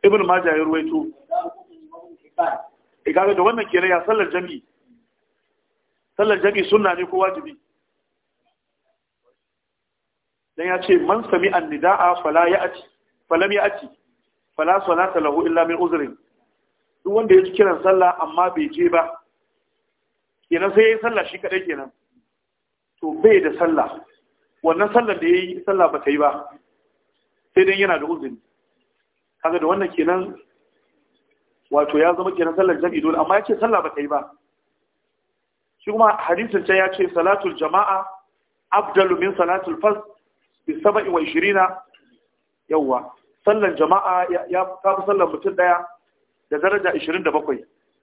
ibn maja ya ruwaito igaga eh, da wannan kenan ya sallar jami'i sallar jami'i suna ne ko wajibi dan ya ce man sami an nida'a fala ya'ti falam ya'ti fala salata lahu illa min uzurin." duk wanda ya ci kiran sallah amma bai je ba kenan sai ya yi sallah shi kadai kenan to bai da sallah wannan sallar da ya yi sallah ba ta yi ba sai dai yana da uzuri kaga da wannan kenan wato ya zama kenan sallar jam'i dole amma ya ce sallah ba ta yi ba shi kuma hadisin can ya ce salatul jama'a abdalu min salatul fas bi saba'i wa ishirina yawwa sallan jama'a ya kafa sallan mutum daya da daraja 27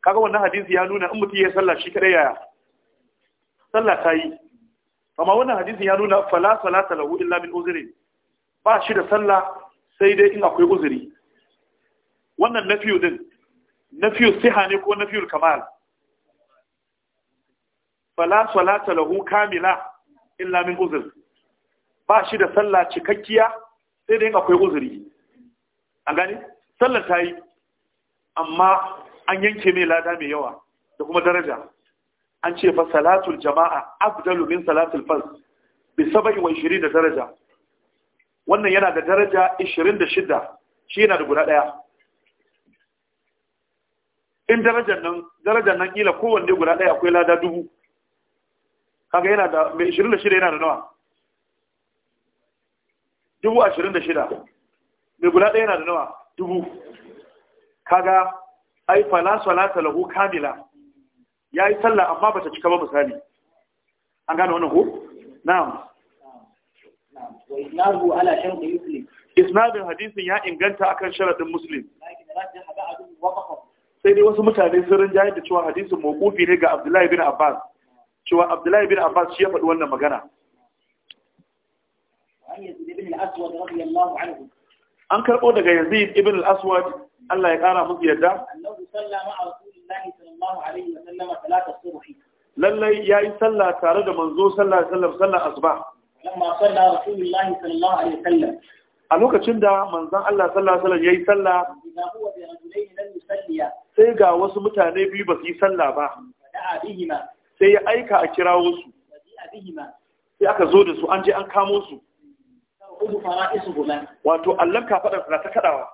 kaga wannan hadisi ya nuna in mutum ya sallah shi kadai yaya sallah ta yi amma wannan hadisin ya nuna fala salata lahu illa min uzri ba shi da sallah sai dai in akwai uzuri wannan nafiyu din nafiyu siha ne ko nafiyul kamal fala salata lahu kamila illa min uzri ba shi da sallah cikakkiya sai dai in akwai uzuri an gani sallar ta yi amma an yanke mai lada mai yawa da kuma daraja an ce fa salatul jama'a afdalu min salatul fard bi 27 da daraja wannan yana da daraja 26 shi yana da guda daya in darajar nan darajar nan kila kowanne guda daya akwai lada dubu kaga yana da mai 26 yana da nawa dubu 26 mai guda daya yana da nawa dubu kaga ai fala salata lahu kamila ya yi sallah amma ba ta cika ba misali an gane wani ku? na'am isnadu isnadin hadisin ya inganta akan sharadin muslim sai dai wasu mutane sun rinjaye da cewa hadisin mawqufi ne ga Abdullahi bin Abbas cewa Abdullahi bin Abbas shi ya faɗi wannan magana an karɓo daga yanzu, ibn al-Aswad Allah ya ƙara musu yadda annabi sallallahu alaihi wa yayi sallah tare da manzo sallallahu alaihi wasallam sallar asuba lamma salla rasulullahi sallallahu alaihi wasallam a lokacin da manzon Allah sallallahu alaihi wasallam yayi sallah sai ga wasu mutane biyu ba su yi sallah ba sai ya aika a kirawo su sai aka zo da su an je an kamo su wato allon kafaɗar na ta kaɗawa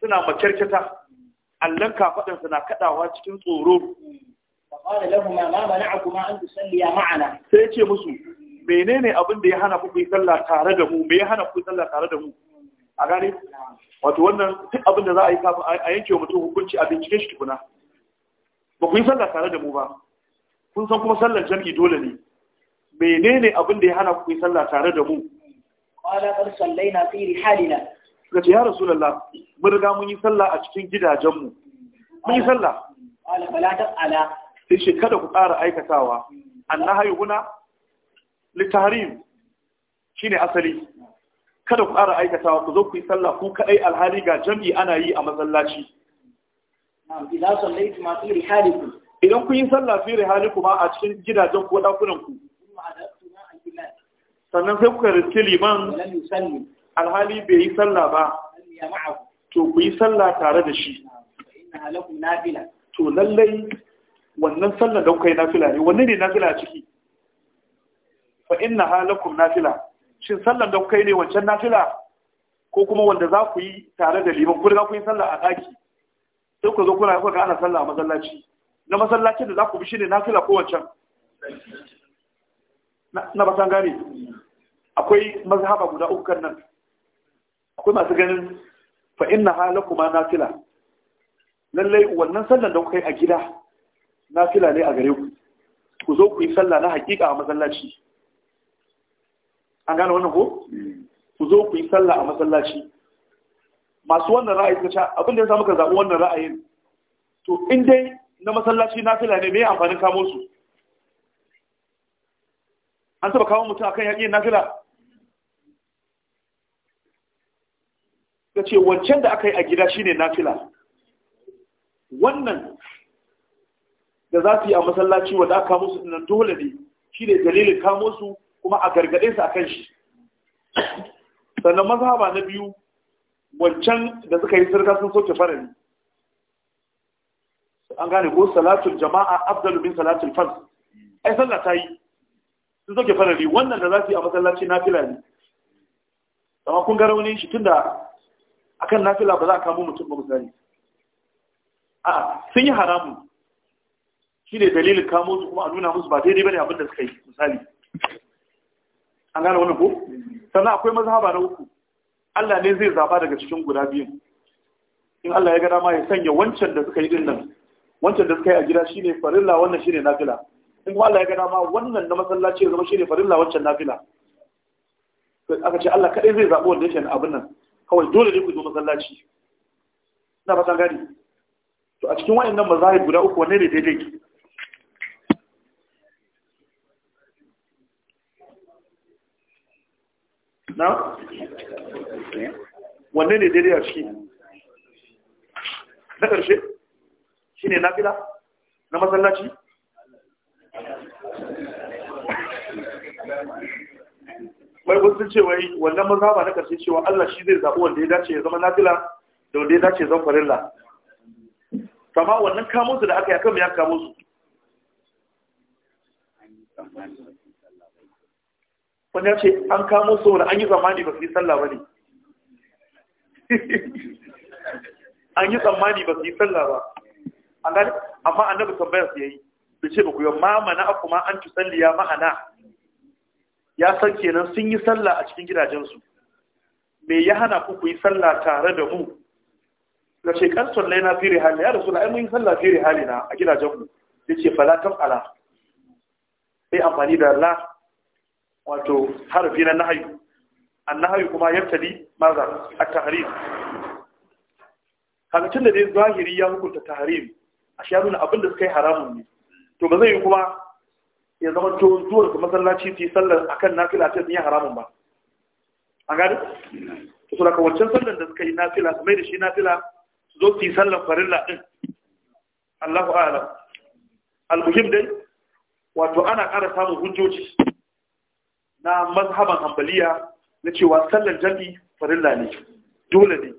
suna makyarkyata allon kafaɗarsa na kaɗawa cikin tsoro sai ce musu menene abin da ya hana ku sallah tare ya hana ku sallah tare da mu a gane wato abin da za a yi kafin a yanke a bincike shi tukuna ba ku yi sallah tare da mu ba kun san kuma sallar jam'i dole ne menene abin da ya hana ku yi sallah tare da mu fi suka ce ya rasulullah mun riga mun yi sallah a cikin gidajenmu mun yi sallah sai shi kada ku ƙara aikatawa annahayu huna shi ne asali kada ku ƙara aikatawa ku zo ku yi sallah ku kaɗai alhali ga jam'i ana yi a matsalaci idan ku yi sallah fi kuma a cikin gidajen ko dakunan ku sannan sai kuka riske liman alhali bai yi sallah ba to ku yi sallah tare da shi to lallai wannan sallah da kuka yi nafila ne wannan ne nafila ciki fa inna halakum nafila shin sallah da kuka yi ne wancan nafila ko kuma wanda za ku yi tare da liman kuma za ku yi sallah a daki sai ku zo kuna ga ana sallah a masallaci na masallacin da za ku bi shi ne nafila ko wancan na ba san gane akwai mazhaba guda uku kan nan akwai masu ganin fa inna na nafila lallai wannan sallan da kuka yi a gida nafila ne a gare ku ku zo ku yi sallah na hakika a masallaci an gane wannan ko ku zo ku yi sallah a masallaci masu wannan ra'ayi ta sha abin da ya samu ka zaɓi wannan ra'ayin to in dai na masallaci nafila ne me amfanin kamo su an taba kawo mutum akan yaƙi nafila ta ce wancan da aka yi a gida shine nafila wannan da za su yi a masallaci wanda aka kamo su nan dole ne shi ne dalilin kamo su kuma a gargaɗe su a kan shi sannan mazhaba na biyu wancan da suka yi sirka sun soke farari an gane ko salatul jama'a afdalu min salatul fard ai sallah ta yi sun soke farari wannan da za su yi a masallaci nafila ne amma kun ga raunin shi tunda akan nafila ba za a kamo mutum ba misali a sun yi haramun shi ne dalilin kamo su kuma a nuna musu ba daidai ba ne abinda suka yi misali an gane wani ko sannan akwai mazhaba na uku Allah ne zai zaba daga cikin guda biyu in Allah ya gada ma ya sanya wancan da suka yi din nan wancan da suka yi a gida shine farilla wannan shine nafila in kuma Allah ya gada ma wannan na masallaci ya zama shine farilla wancan nafila aka ce Allah kadai zai zaɓi wanda yake abin nan kawai dole ne ku zo masallaci ina fatan gani to a cikin wayannan mazahib guda uku wanne ne daidai na wanne ne daidai a ciki na ƙarshe shi ne na fila na masallaci mai wasu ce wai wannan ba na karshe cewa Allah shi zai zaɓi wanda ya dace ya zama nafila da wanda ya dace ya zama farilla kama wannan kamo su da aka yi akan ya kamo su wani ya ce an kamo su wani an yi tsammani ba su yi sallah ba ne (laughs) an yi tsammani ba su yi sallah ba amma annabi tambayar su yayi da ce ba ku yi ma mana akuma an tusalliya ma'ana ya san kenan sun yi sallah a cikin gidajensu me ya hana ku ku yi sallah tare da mu da ce kan sallai na firi hali ya rasu da ai mun yi sallah firi hali na a gidajenmu ya ce falatan ala sai amfani da la wato harafi na nahayu an nahayu kuma yaftali maza a tahrim halittun da dai zahiri ya hukunta tahrim a sha nuna abin da suka yi haramun ne to ba zai yi kuma ya zama tozuwar ga masallaci su yi sallar kan nafila ta sun yi haramun ba an gani su daga wancan sallar da suka yi nafila su mai da shi nafila su zo su yi sallar farilla din Allahu ala al-muhim dai wato ana ƙara samun hujjoji na mazhaban hambaliya na cewa sallar jami'i farilla ne dole ne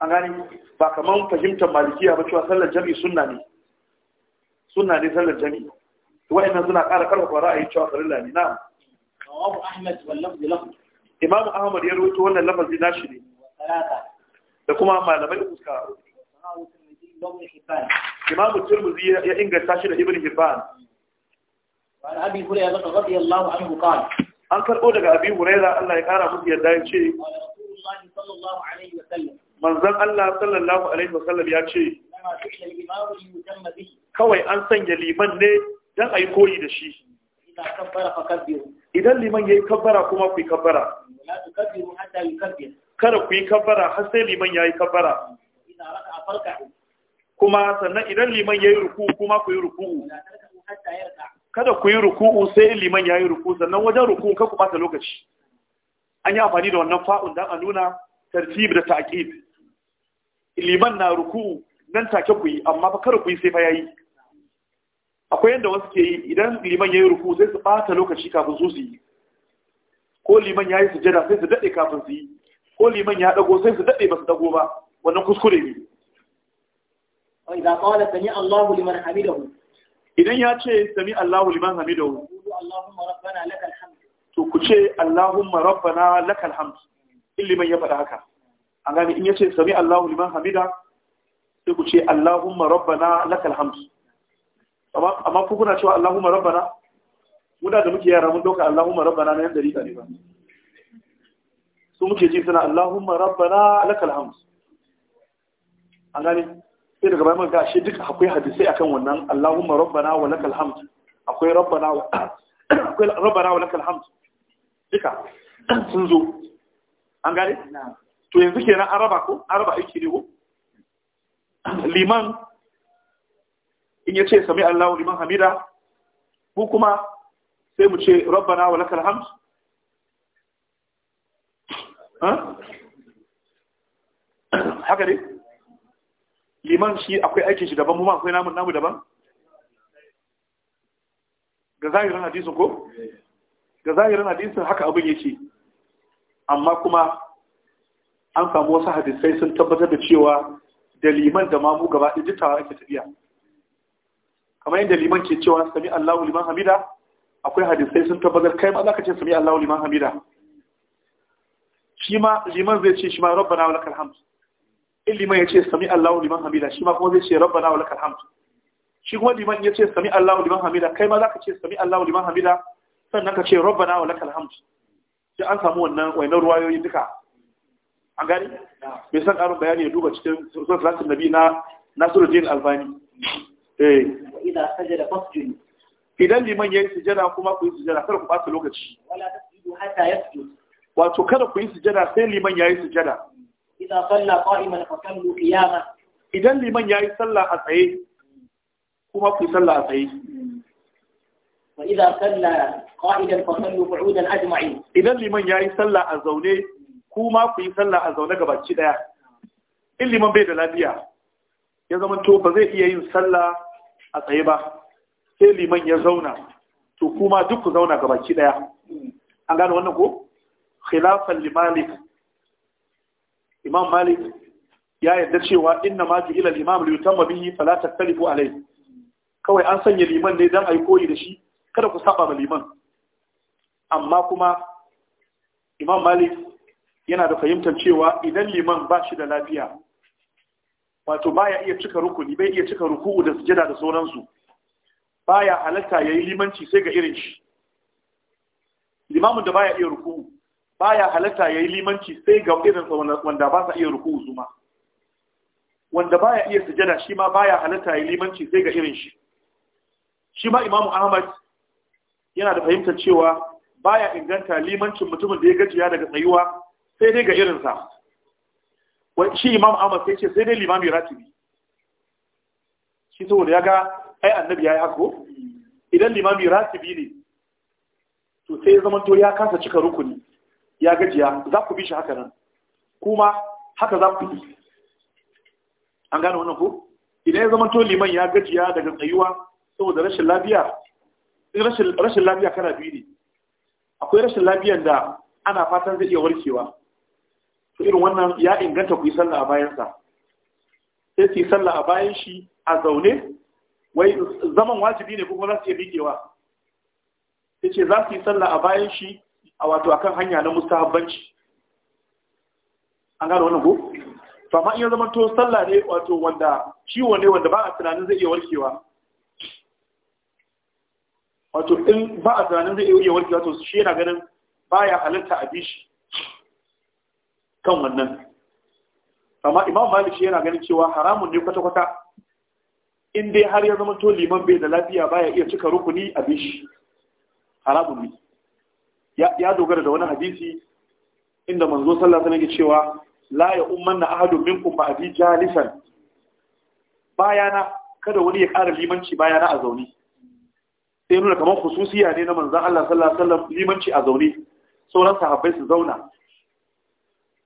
an gani ba kaman fahimtar malikiya ba cewa sallar jami'i sunna ne sunna ne sallar jami'i wa'annan suna ƙara karfafa ra'ayin cewa farilla ne na'am rawahu ahmad wal lafzi lahu imam ahmad ya rawaito wannan lafazi nashi ne da kuma malamai uska Imam'u tirmidhi ya inganta shi da ibn hibban وعن أبي هريرة رضي الله عنه قال an karɓo daga abi huraira Allah ya ƙara musu yadda ya ce manzon Allah sallallahu alaihi sallam ya ce kawai an sanya liman ne dan ayi koyi da shi idan liman yayi kabbara kuma ku yi kabbara kada ku yi kabbara har sai liman yayi kabbara kuma sannan idan liman yayi ruku kuma ku yi ruku kada ku yi ruku'u sai liman yayi ruku sannan wajen ruku ka ku bata lokaci an yi amfani da wannan fa'un dan a nuna tartib da ta'qib liman na ruku nan take ku yi amma fa kada ku yi sai fa yayi akwai yadda wasu ke yi idan liman ya yi rufu sai su ɓata lokaci kafin su yi ko liman ya yi su jada sai su daɗe kafin su yi ko liman ya ɗago sai su daɗe ba su ɗago ba wannan kuskure ne idan ya ce sami Allahu liman hamidahu to ku ce Allahumma rabbana lakal hamd in liman ya faɗa haka an gane in ya ce sami Allahu liman hamida sai ku ce Allahumma rabbana lakal hamd amma ku kuna cewa Allahumma rabbana muna da muke yara mun dauka Allahumma rabbana na yan rika ne ba su muke ji suna Allahumma rabbana lakal hamd an gane sai daga bayan ga shi duka akwai hadisai akan wannan Allahumma rabbana wa lakal hamd akwai rabbana wa (coughs) akwai rabbana wa lakal hamd duka (coughs) sun zo an gane to yanzu kenan an raba ko an raba aiki ne ko (coughs) liman in ya ce sami Allahu liman hamida ko kuma sai mu ce rabbana wa lakal hamd haka ne liman shi akwai aikin shi daban mu akwai namun namu daban ga zahirin hadisin ko ga zahirin hadisin haka abin yake amma kuma an samu wasu hadisai sun tabbatar da cewa da liman da mamu gaba ɗin jittawa ake tafiya kamar yadda liman ke cewa sami Allahu liman hamida akwai hadisai sun tabbatar kai ma za ka ce sami Allahu liman hamida Shima liman zai ce shi ma rabbana walakal hamd in liman ya ce sami Allahu liman hamida shima kuma zai ce rabbana walakal hamd shi kuma liman ya ce sami Allahu liman hamida kai ma za ka ce sami Allahu liman hamida sannan ka ce rabbana walakal hamd sai an samu wannan wayannan ruwayoyi duka an gani bai san karin bayani ya duba cikin sunan salatin nabi na Nasiruddin Albani Eh. idan liman ya yi sujada kuma ku yi sujada kada ku ɓata lokaci wato kada ku yi sujada sai liman ya yi sujada idan liman ya yi sallah a tsaye kuma ku yi sallah a tsaye idan liman ya yi sallah a zaune kuma ku yi sallah a zaune gabaci ɗaya in liman bai da lafiya ya zama to ba zai iya yin sallah a tsaye ba sai liman ya zauna to kuma duk ku zauna ga baki daya an gane wannan ko khilafan li malik imam malik ya yarda cewa inna ma ju'ila al-imam li yutamma bihi fala taktalifu alayhi kawai an sanya liman ne dan ayi koyi da shi kada ku saba ma liman amma kuma imam malik yana da fahimtar cewa idan liman ba shi da lafiya wato baya iya cika rukuni bai iya cika ruku'u da sujada da sauransu baya halatta yayi limanci sai ga irin shi limamin da baya iya ruku'u baya halatta yayi limanci sai ga irin wanda ba sa iya ruku'u su ma wanda baya iya sujada shi ma baya halatta yayi limanci sai ga irin shi shi ma imamu ahmad yana da fahimtar cewa baya inganta limancin mutumin da ya gajiya daga tsayuwa sai dai ga irinsa wai shi imam ahmad sai ce sai dai limami ratibi shi saboda ya ga ai annabi ya yi hako idan limami ratibi ne to sai zaman zama to ya kasa cika rukuni ya gajiya za ku bi shi haka nan kuma haka za ku yi an gane wannan ko idan ya zama to liman ya gajiya daga tsayuwa saboda rashin lafiya rashin lafiya kana biyu ne akwai rashin lafiyan da ana fatan zai iya warkewa irin wannan ya inganta ku yi sallah a bayansa sai su yi sallah a bayan shi a zaune wai zaman wajibi ne kuma za su iya miƙewa sai ce za su yi sallah a bayan shi a wato akan hanya na mustahabbanci an gano wannan ko to amma iya zaman to sallah ne wato wanda ciwo ne wanda ba a tunanin zai iya warkewa wato in ba a tunanin zai iya warkewa to shi yana ganin baya halitta a bishi kan wannan amma imam malik yana ganin cewa haramun ne kwata-kwata in dai har ya zama to liman bai da lafiya baya iya cika rukuni a bishi haramun ne ya dogara da wani hadisi inda manzo sallallahu alaihi wasallam cewa la ya ummanna ahadun minkum bi jalisan bayana kada wani ya kara limanci bayana a zaune sai nuna kamar khususiya ne na manzo Allah sallallahu alaihi wasallam limanci a zaune sauran sahabbai su zauna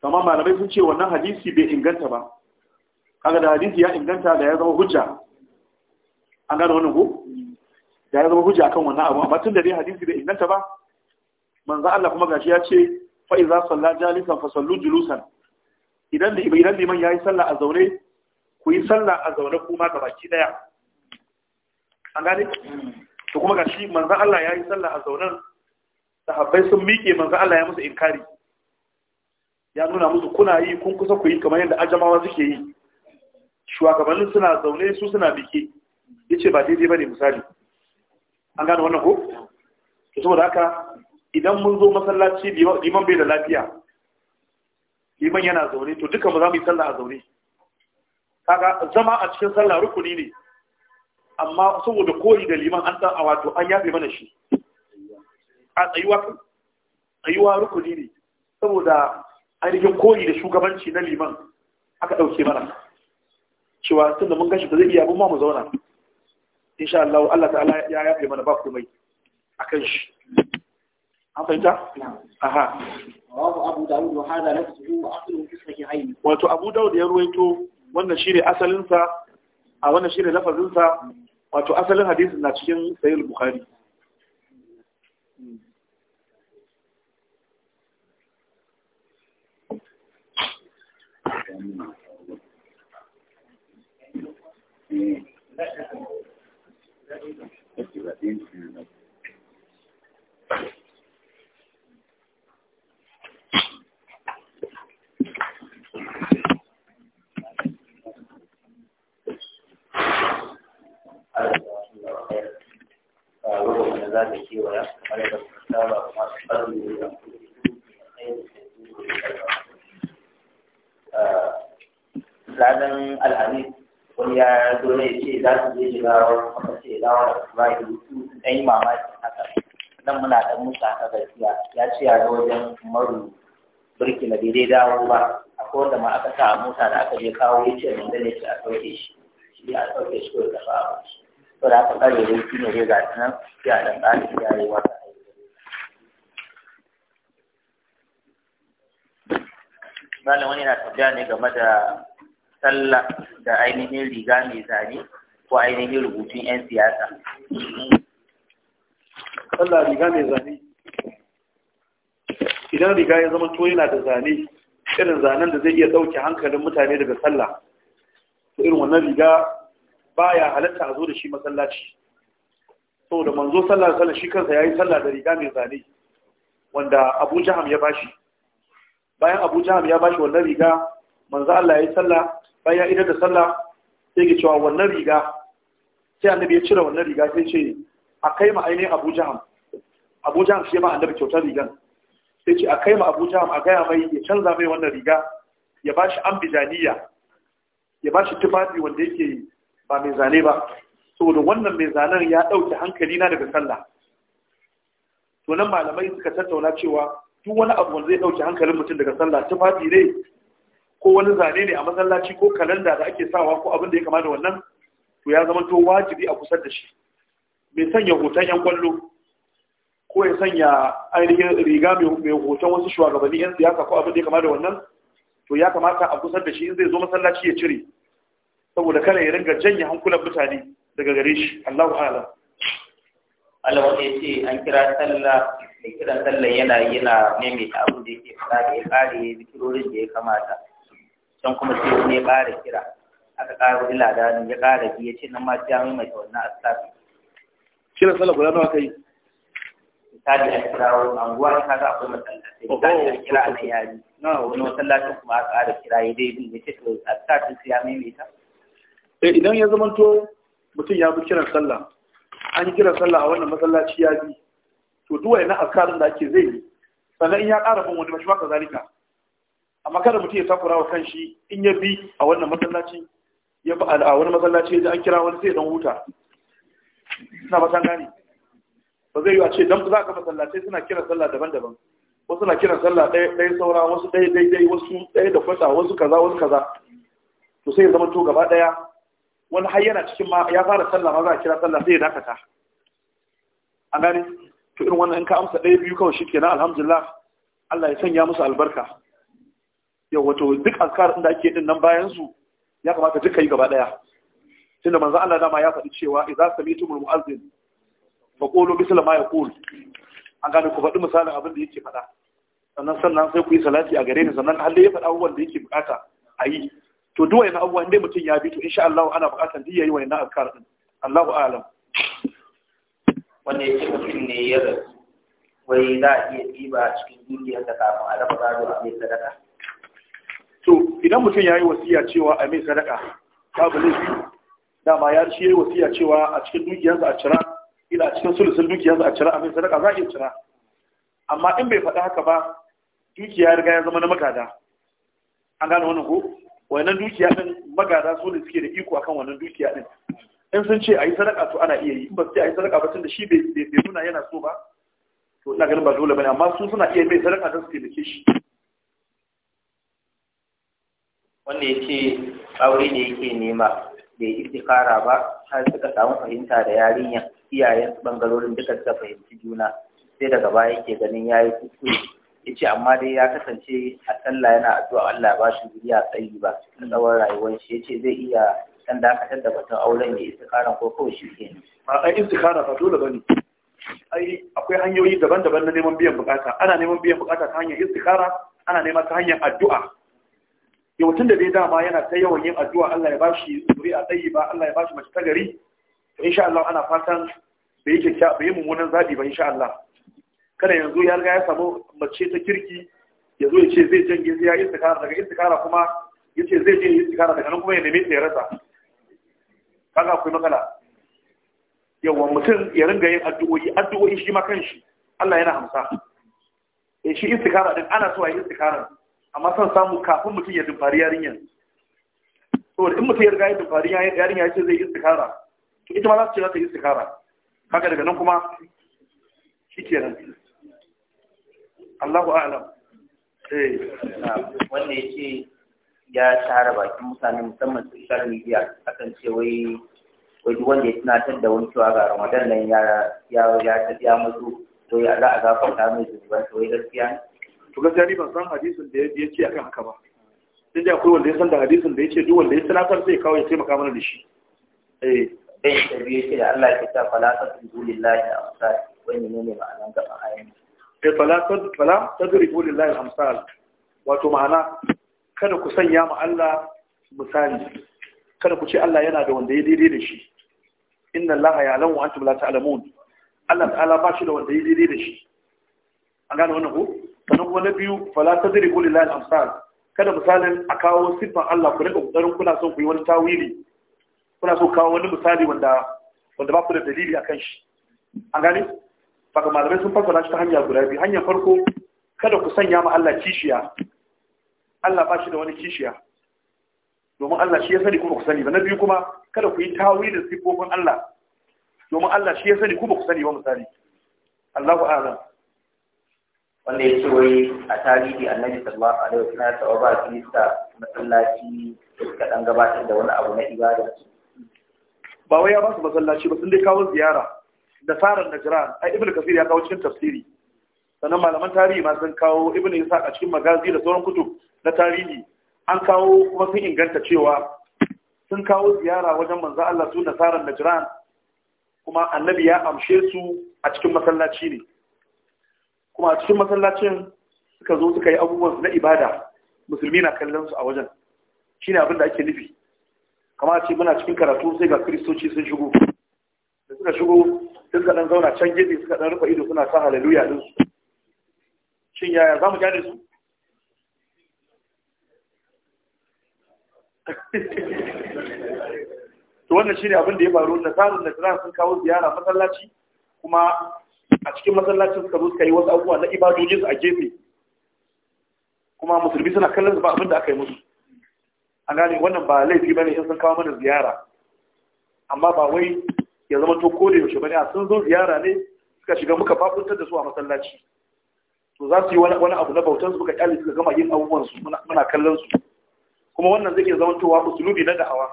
kama malamai sun ce wannan hadisi bai inganta ba kaga da hadisi ya inganta da ya zama hujja an gano wannan ko da ya zama hujja kan wannan abu amma tun da dai hadisi bai inganta ba manzo Allah kuma gashi ya ce fa iza salla jalisan fa sallu julusan idan da idan liman yayi sallah a zaune ku yi sallah a zaune kuma ga baki daya an gane to kuma gashi manzo Allah yayi sallah a zaunen sahabbai sun miƙe manzo Allah ya musu inkari ya nuna musu kuna yi kun kusa ku yi kamar yadda ajamawa suke yi shugabannin suna zaune su suna biki yace ba daidai bane misali an gane wannan ko to saboda haka idan mun zo masallaci liman bai da lafiya liman yana zaune to duka mu za mu yi sallah a zaune kaga zama a cikin sallah rukuni ne amma saboda koyi da liman an san a wato an yafe mana shi a tsayuwa tsayuwa rukuni ne saboda ainihin koyi da shugabanci na liman aka ɗauke mana cewa tun da mun gashi ba zai iya abin ma mu zauna insha Allah Allah ta'ala ya yafe mana ba komai a kan shi an fahimta aha abu dawud wa hada lafzuhu wa asluhu fi sahihayn wato abu dawud ya ruwaito wannan shine asalinsa a wannan shine lafazin wato asalin hadisin na cikin sahih bukhari za ta kewaya kamar da ta saba masu da ya ranar alhamis wani ya zo ne ce za su je shiga wani kuma ce za wani kuma ya rutu ɗan yi mamaki haka nan muna ɗan musa a gaskiya ya ce ya zo wajen maru birki na daidai dawo ba A kowanda ma aka sa a mota da aka je kawo ya ce wanda ne ce a sauke shi shi a sauke shi ko ya tafi a wasu. da haka kare rutu ne dai ga nan sai a dan ya yi wata. malam wani yana tambaya ne game da sallah da ainihin riga mai zane ko ainihin rubutun 'yan siyasa. Sallah riga mai zane. Idan riga ya zama to yana da zane, irin zanen da zai iya ɗauke hankalin mutane daga sallah, to irin wannan riga ba ya halatta a zo da shi masallaci. Saboda manzo sallah da sallah shi kansa ya yi sallah da riga mai zane, wanda Abu Jaham ya bashi. bayan Abu ya bashi wannan riga manzo Allah ya yi sallah bayan ya da sallah sai ke cewa wannan riga sai annabi ya cire wannan riga sai ce a kai ma ainihin Abu Jahal Abu Jahal shi ma annabi kyautar rigan sai ce a kai ma Abu a gaya mai ya canza mai wannan riga ya bashi bijaniya ya bashi tufafi wanda yake ba mai zane ba saboda wannan mai zanen ya ɗauke hankali na daga sallah to nan malamai suka tattauna cewa duk wani abu wanda zai dauke hankalin mutum daga sallah tufafi ne ko wani zane ne a masallaci ko kalanda da ake sawa ko abin da ya kama da wannan to ya zama to wajibi a kusa da shi mai sanya hoton yan kwallo ko ya sanya ainihin riga mai hoton wasu shugabanni yan siyasa ko abin da ya kama da wannan to ya kamata a kusa da shi in zai zo masallaci ya cire saboda kada ya ringa janye hankulan mutane daga gare shi Allahu a'lam Allah wanda ce an kira sallah mai kiran sallan yana yana maimaita abin da yake fara da ya kare zikirorin da ya kamata can kuma sai wani ya kara kira aka kara wani ladanin ya kara biya ce nan ma sai an mai wannan asafi kiran sallan guda nawa kai misali a kirawo anguwa ina za akwai masallaci misali a kira a na wani masallacin kuma aka kara kira ya dai ya ce to asafi sai ya maimaita eh idan ya zamanto mutum ya bi kiran sallah an yi kiran sallah a wannan masallaci ya bi to duk wani askarin da ake zai yi sannan in ya ƙara bin wani mashi maka zalika amma kada mutum ya takura wa kan shi in ya bi a wannan masallaci ya fi a wani masallaci ya ji an kira wani sai dan huta suna matan gane ba zai yi a ce dan za ka masallacai suna kiran sallah daban-daban wasu na kiran sallah ɗaya saura wasu ɗaya daidai wasu ɗaya da kwata wasu kaza wasu kaza to sai ya zama to gaba ɗaya wani har yana cikin ma ya fara sallah ma za a kira sallah sai ya dakata an gane to irin wannan in ka amsa ɗaya biyu kawai shikenan alhamdulillah Allah ya sanya musu albarka yau wato duk azkar din da ake din nan bayan su ya kamata duka yi gaba daya tunda manzo Allah dama ya faɗi cewa idza samitumul mu'azzin fa qulu bisla ma yaqul an gane ku faɗi misalin abin da yake faɗa sannan sannan sai ku yi salati a gare ni sannan halle ya faɗa abubuwan da yake bukata a yi to duk wayannan abubuwan dai mutum ya bi to insha Allah ana bukatan duk yayi wayannan azkar din Allahu a'lam wanda ya ce mutum ne ya rasu wai za a iya ɗiba a cikin dukiyar da kafin a raba gado a mai sadaka to idan mutum ya yi wasiya cewa a mai sadaka babu laifi dama ya ci ya yi wasiya cewa a cikin dukiyarsa a cira ila a cikin sulusun dukiyarsa a cira a mai sadaka za a iya cira amma in bai faɗi haka ba dukiya riga ya zama na magada an gane wannan ko wannan dukiya ɗin magada su ne suke da iko akan wannan dukiya ɗin. in sun ce a yi sadaka to ana iya yi in ba su ce a yi sadaka ba tunda shi bai nuna yana so ba to ina ganin ba dole bane amma su suna iya mai sadaka don su taimake shi wanda ya ce aure ne yake nema bai iftikara ba har suka samu fahimta da yarinya iyayen bangarorin duka suka fahimci juna sai daga baya yake ganin ya yi kuskure ya ce amma dai ya kasance a sallah yana addu'a Allah ya ba shi zuriya tsayi ba na tsawon rayuwar shi ya ce zai iya dan aka tada batun auren ya istikara ko kawai shi ke ne ba ai istikara ba dole bane ai akwai hanyoyi daban-daban na neman biyan bukata ana neman biyan bukata ta hanyar istikara ana neman ta hanyar addu'a yau tun da dai dama yana ta yawan yin addu'a Allah ya bashi a tsayi ba Allah ya bashi mace ta gari insha Allah ana fatan bai yi kyakkyawa bai yi mummunan zabi ba insha Allah kada yanzu ya riga ya samu mace ta kirki ya zo ya ce zai janye zai ya istikara daga istikara kuma ya ce zai je istikara daga nan kuma ya nemi tsayarsa kaga akwai matsala yawa mutum ya ringa yin addu'o'i addu'o'i shi ma kanshi Allah yana hamsa eh shi istikara din ana so a yi istikara amma son samu kafin mutum ya dumfari yarinyar to in mutum ya riga ya dumfari yarinya ya ce zai istikara to ita ma za su ce za ta yi istikara kaga daga nan kuma shi nan. Allahu a'lam eh wanda yake ya tara bakin mutane musamman social media akan ce wai wai wanda ya tunatar da wani cewa ga Ramadan nan ya ya ya mutu, musu to ya za a gafarta mai zunuban to wai gaskiya to gaskiya ni ban san hadisin da ya ce akan haka ba sai da akwai wanda ya san da hadisin da ya ce duk wanda ya tunatar zai kawo ya taimaka mana da shi eh dan da biye ce da Allah ya ta falakatu lillahi amsal wani ne ne ma'anan gaba ayin eh ta fala tadribu lillahi amsal eh, wato ma'ana kada ku sanya ma Allah misali kada ku ce Allah yana da wanda ya daidai da shi inna Allah ya lamu antum la ta'lamun Allah ta'ala ba shi da wanda ya daidai da shi an gane wannan ko sannan kuma na biyu fala tadriku lillahi al-amsal kada misalin a kawo sifan Allah ku rika kokarin kuna son ku yi wani tawili kuna so kawo wani misali wanda wanda ba ku da dalili akan shi an gane saka malamai sun fassara shi ta hanya guda biyu hanyar farko kada ku sanya ma Allah kishiya Allah ba shi da wani kishiya domin Allah shi ya sani kuma ku sani ba na biyu kuma kada ku yi da sifofin Allah domin Allah shi ya sani kuma ku sani ba misali Allahu a'lam wanda ya ce wai a tarihi annabi sallallahu alaihi wasallam ya taɓa ba kirista masallaci suka dan gabatar da wani abu na ibada ba wai ya ba su masallaci ba sun dai kawo ziyara da farar najran ai ibnu kafir ya kawo cikin tafsiri sannan malaman tarihi ma sun kawo ibnu isa a cikin magazi da sauran kutub na tarihi an kawo kuma sun inganta cewa sun kawo ziyara wajen manzo Allah su nasaran najran kuma annabi ya amshe su a cikin masallaci ne kuma a cikin masallacin suka zo suka yi abubuwan na ibada musulmi na kallon su a wajen shine abin da ake nufi kama ce muna cikin karatu sai ga kristoci sun shigo da suka shigo sun ka dan zauna can gefe suka dan rufe ido suna sa haleluya din su shin yaya zamu gane su to wannan shi ne abin da ya faru da tsarin da tsarin sun kawo ziyara masallaci kuma a cikin masallacin suka zo suka yi wasu abubuwa na ibadojinsu a gefe kuma musulmi suna kallon su ba abin da aka yi musu an gane wannan ba laifi bane in sun kawo mana ziyara amma ba wai ya zama to ko da yaushe bane a sun zo ziyara ne suka shiga muka fafuntar da su a masallaci to za su yi wani abu na bautan su muka kyale suka gama yin abubuwan su muna kallon su kuma wannan zai zama zamantowa usulubi na da'awa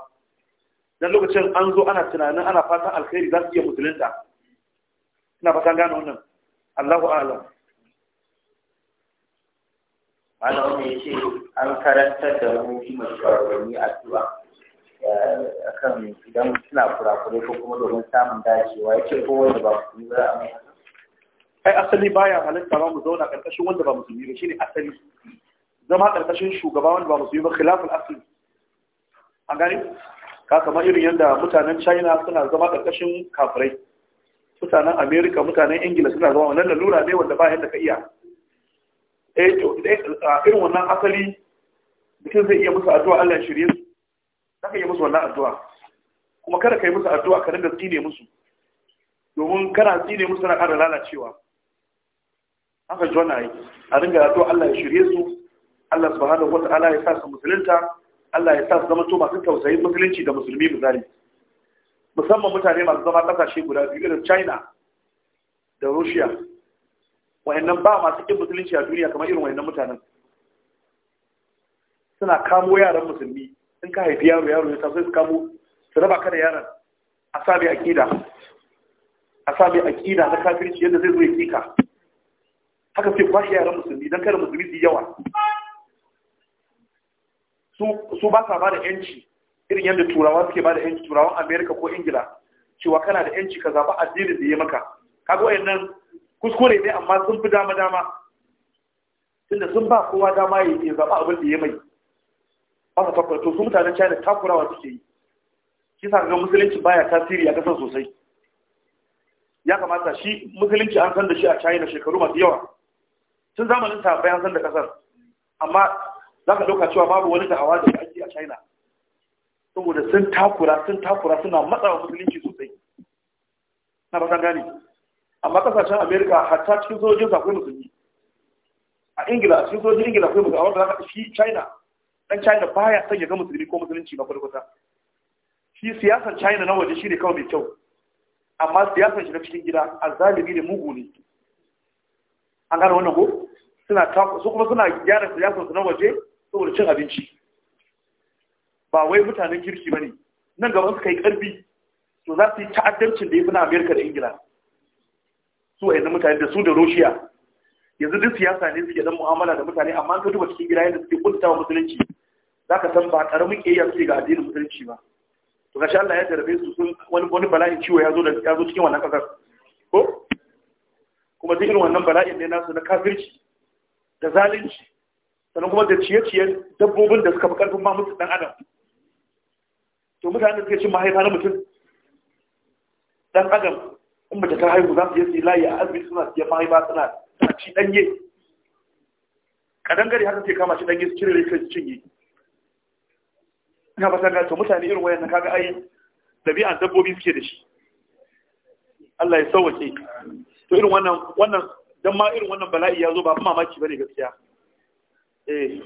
dan lokacin an zo ana tunanin ana fatan alkhairi za su iya musulunta ina fatan gane wannan Allahu a'lam malam ya ce an karanta da mu himar shawarwani a eh, kan idan suna kurakurai ko kuma domin samun dacewa ce ko wanda ba musulmi ba a mai ai asali baya halitta ba mu zauna karkashin wanda ba musulmi ba shine asali zama ƙarƙashin shugaba wanda ba musulmi ba khilafin asali. an gani ka kama irin yadda mutanen china suna zama ƙarƙashin kafirai mutanen america mutanen ingila suna zama wannan lalura ne wanda ba yadda ka iya eh, eh, irin wannan asali mutum zai iya musu addu'a allah shirye su za ka iya musu wannan addu'a kuma kada ka yi musu addu'a ka rinda tsine musu domin kana tsine musu na ƙara lalacewa haka jona yi. a ringa addu'a allah ya shirye su Allah subhanahu wata'ala ya sa su musulunta Allah ya sa su zama to masu tausayin musulunci da musulmi misali musamman mutane masu zama kasashe guda biyu irin China da Russia wayannan ba masu kin musulunci a duniya kamar irin wayannan mutanen suna kamo yaran musulmi in ka haifi yaro yaro ya tafi su kamo su raba ka da yaran a sa mai akida a sa mai akida na kafirci yadda zai zo ya kika haka sai kwashe yaran musulmi don kada musulmi su yawa su ba sa ba da yanci irin yadda turawa suke ba da yanci turawan amerika ko ingila cewa kana da yanci ka zaɓi addinin da ya maka kaga wayannan kuskure ne amma sun fi dama dama tunda sun ba kowa dama ya yi zaba abin da ya mai ba sa to su mutanen china takurawa suke yi shi sa ga musulunci baya tasiri a kasar sosai ya kamata shi musulunci an san da shi a china shekaru masu yawa tun zamanin ta bayan san da kasar amma za ka ɗauka cewa babu wani da hawa da ake a china saboda sun takura sun takura suna matsawa musulunci sosai na ba gane amma kasashen america hatta cikin sojojin akwai musulmi a ingila cikin sojojin ingila akwai musulmi a wanda za ka shi china dan china baya son ya ga musulmi ko musulunci ba kwata shi siyasar china na waje shi ne kawai mai kyau amma siyasar shi na cikin gida a zalibi ne mugu ne an gane wannan ko suna su kuma suna gyara siyasar su na waje saboda cin abinci ba wai mutanen kirki ba ne nan gaban suka yi karfi to za su yi ta'addancin da ya fi na amerika da ingila su a mutane da su da roshiya yanzu duk siyasa ne suke dan mu'amala da mutane amma ka duba cikin gida yadda suke kunta wa musulunci za ka san ba karamin ƙiyayya suke ga addinin musulunci ba to ga Allah ya jarabe su sun wani wani bala'in ciwo ya zo da ya zo cikin wannan kasar ko kuma duk irin wannan bala'in ne nasu na kafirci da zalunci sannan kuma da ciye ciye dabbobin da suka fi karfin ma musu dan adam to mutane suke cin mahaifa na mutum dan adam in mace ta haihu za su yi layi a arziki suna siyan mahaifa suna ta ci danye gari haka ke kama shi danye su cire rikin su cinye ina ba ta to mutane irin wayan na kaga ai dabi'an dabbobi suke da shi Allah ya sauwake to irin wannan wannan dan ma irin wannan bala'i ya zo ba mamaki bane gaskiya eh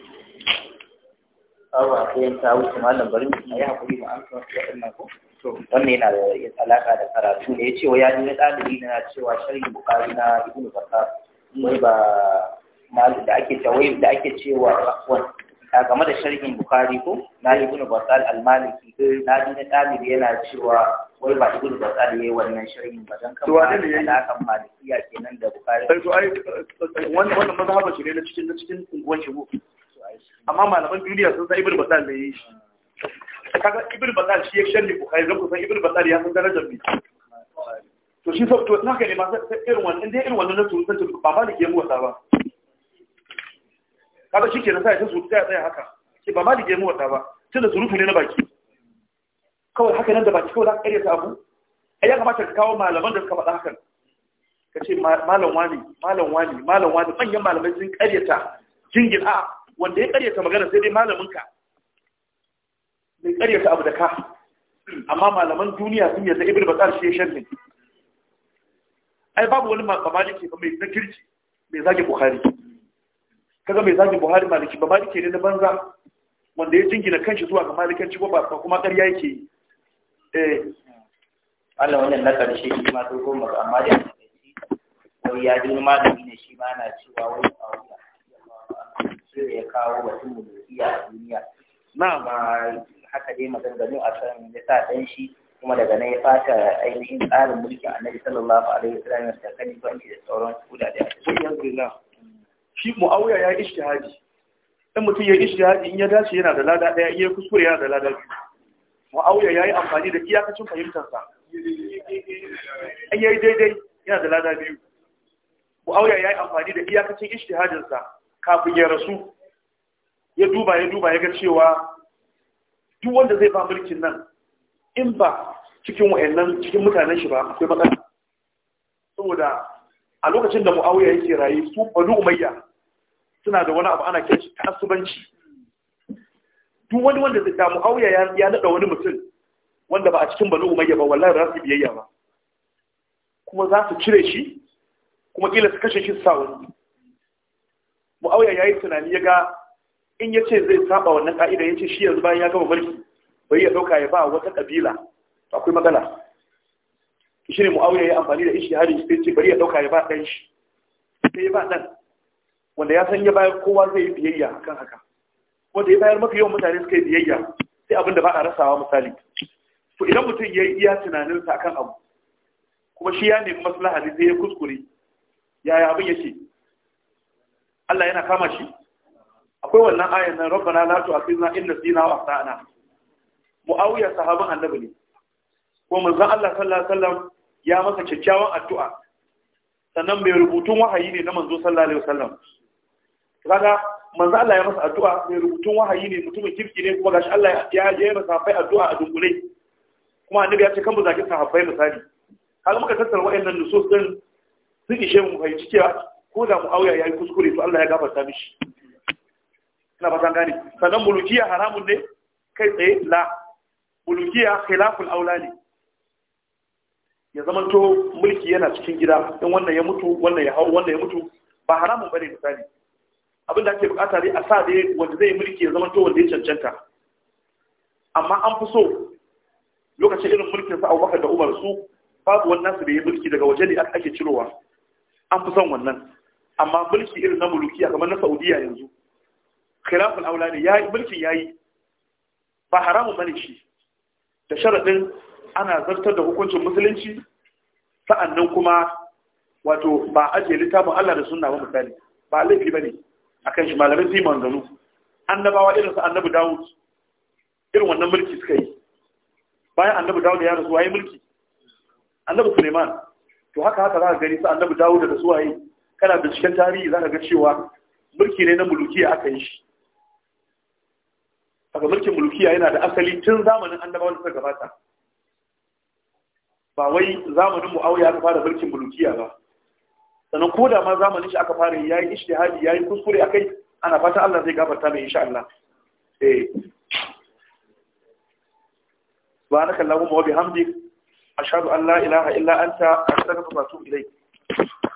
awa sai ta wuce malam bari mu yi hakuri mu amsa waɗannan ko wannan yana da alaka da karatu ne yace ya ji na na cewa sharhi bukari na ibn zakar wai ba malu da ake cewa da ake cewa afwan a game da sharhin bukari ko na ibn zakar al-maliki na ji na yana cewa wai ba ibnu basar yayi wannan sharhin ba dan kan wani ne alakan malikiya kenan da bukari sai eh, to ai wannan wannan mazhaba shi ne na cikin na cikin unguwan shigo amma malaman duniya sun san ibnu basar ne yayi kaga ibnu basar shi ya sharhi bukari zan kusan ibnu basar ya san darajar bi to shi to na ka ne ma irin wannan dai irin wannan na turu san ba maliki ya muwasa ba kaga shi kenan sai ta su ta tsaya haka ba maliki ya muwasa ba tunda surutu ne na baki kawai haka nan da baki kawai za ka karyata abu A ya kamata ka kawo malaman da suka faɗa hakan ka ce malam wani malam wani malam wani manyan malamai sun karyata jingin a wanda ya karyata magana sai dai malamin ka bai karyata abu da ka amma malaman duniya sun yarda ba tsar shi ya ne ai babu wani mamaliki ba mai zakirci mai zagin buhari kaga mai zagin buhari maliki ba maliki ne na banza wanda ya jingina kanshi zuwa ga malikanci ba kuma ƙarya yake yi Eh. Allah wannan na ƙarshe shi ma dogon mu amma da ya ci wai ya ji malami ne shi ma na cewa wai a wuya shi ya kawo batun mulkiya a duniya na ma haka dai maganganu a kan ya sa ɗan shi kuma daga nan ya fata ainihin tsarin mulki annabi sallallahu alaihi wasallam da kalifanci da sauran kuda da alhamdulillah shi muawiya ya ishtihadi dan mutum ya ishtihadi in ya dace yana da lada daya in ya kuskure yana da lada biyu Mu'auya ya yi amfani da iyakacin fahimtarsa An yi daidai yana da lada biyu Mu'auya ya yi amfani da iyakacin sa kafin ya rasu ya duba ya duba ya ga cewa duk wanda zai ba mulkin nan in ba cikin wa'annan cikin mutanen shi ba akwai matsala saboda a lokacin da mu'auya yake raye su banu umayya suna da wani abu ana kiran shi ta'assubanci duk wani wanda da muawiya ya ya nada wani mutum wanda ba a cikin banu umayya ba wallahi ba za su biyayya ba kuma za su cire shi kuma kila su kashe shi su sa wani muawiya yayi tunani ya ga in yace zai saba wannan ka'ida yace shi yanzu bayan ya gama mulki bai ya dauka ya ba wata kabila akwai matsala shi ne ya amfani da ishi hari sai ce bari ya dauka ya ba ɗan shi sai ya ba ɗan wanda ya san ya bayar kowa zai yi biyayya kan haka wanda ya bayar mafi yawan mutane suka yi biyayya sai abin da ba a rasawa misali to idan mutum ya yi iya tunaninsa akan abu kuma shi ya nemi maslaha ne sai ya kuskure yaya abin yake Allah yana kama shi akwai wannan ayan nan rabbana la tu'akhizna in nasina wa akhtana muawiya sahaban annabi ne ko manzon Allah sallallahu alaihi wasallam ya masa kyakkyawan addu'a sannan mai rubutun wahayi ne na manzo sallallahu alaihi wasallam kaga manzo Allah ya masa addu'a mai rubutun wahayi ne mutumin kirki ne kuma gashi Allah ya yi masa fa'i addu'a a dunkule kuma annabi ya ce kan mu zaki sahabbai misali har muka tattara wayannan nusus din sun ishe mu fahimci cewa ko da Muawiya yayi kuskure to Allah ya gafarta mishi ina fatan gane sannan mulkiya haramun ne kai tsaye la mulkiya khilaful aula ne ya zamanto mulki yana cikin gida in wannan ya mutu wannan ya hau wannan ya mutu ba haramun bane misali abin da ake bukata dai a sa ya wanda zai mulki ya zama to wanda ya cancanta amma an fi so lokacin irin mulkin sa Abubakar da Umar su babu wannan su da ya mulki daga waje ne ake cirowa an fi son wannan amma mulki irin na a kamar na Saudiya yanzu khilafin aula ne yayi ya yi ba haramun bane shi da sharadin ana zartar da hukuncin musulunci sa'annan kuma wato ba ajiye littafin Allah da sunna ba misali ba laifi ba ne. akan shi malamai sai manganu annabawa irin su annabi Dawud irin wannan mulki suka yi bayan annabi Dawud ya rasu waye mulki annabi Suleiman to haka haka zaka gani su annabi Dawud da su waye kana da cikin tarihi zaka ga cewa mulki ne na mulukiya aka yi shi aka mulkin mulukiya yana da asali tun zamanin annabawan da suka gabata ba wai zamanin Muawiya aka fara mulkin mulukiya ba sannan ko da ma zamanin shi aka fara ya yi ishtihadi ya yi kuskure a kai ana fata Allah zai gafarta mai insha Allah eh subhanaka allahumma wa bihamdik ashhadu an la ilaha illa anta astaghfiruka wa atubu ilayk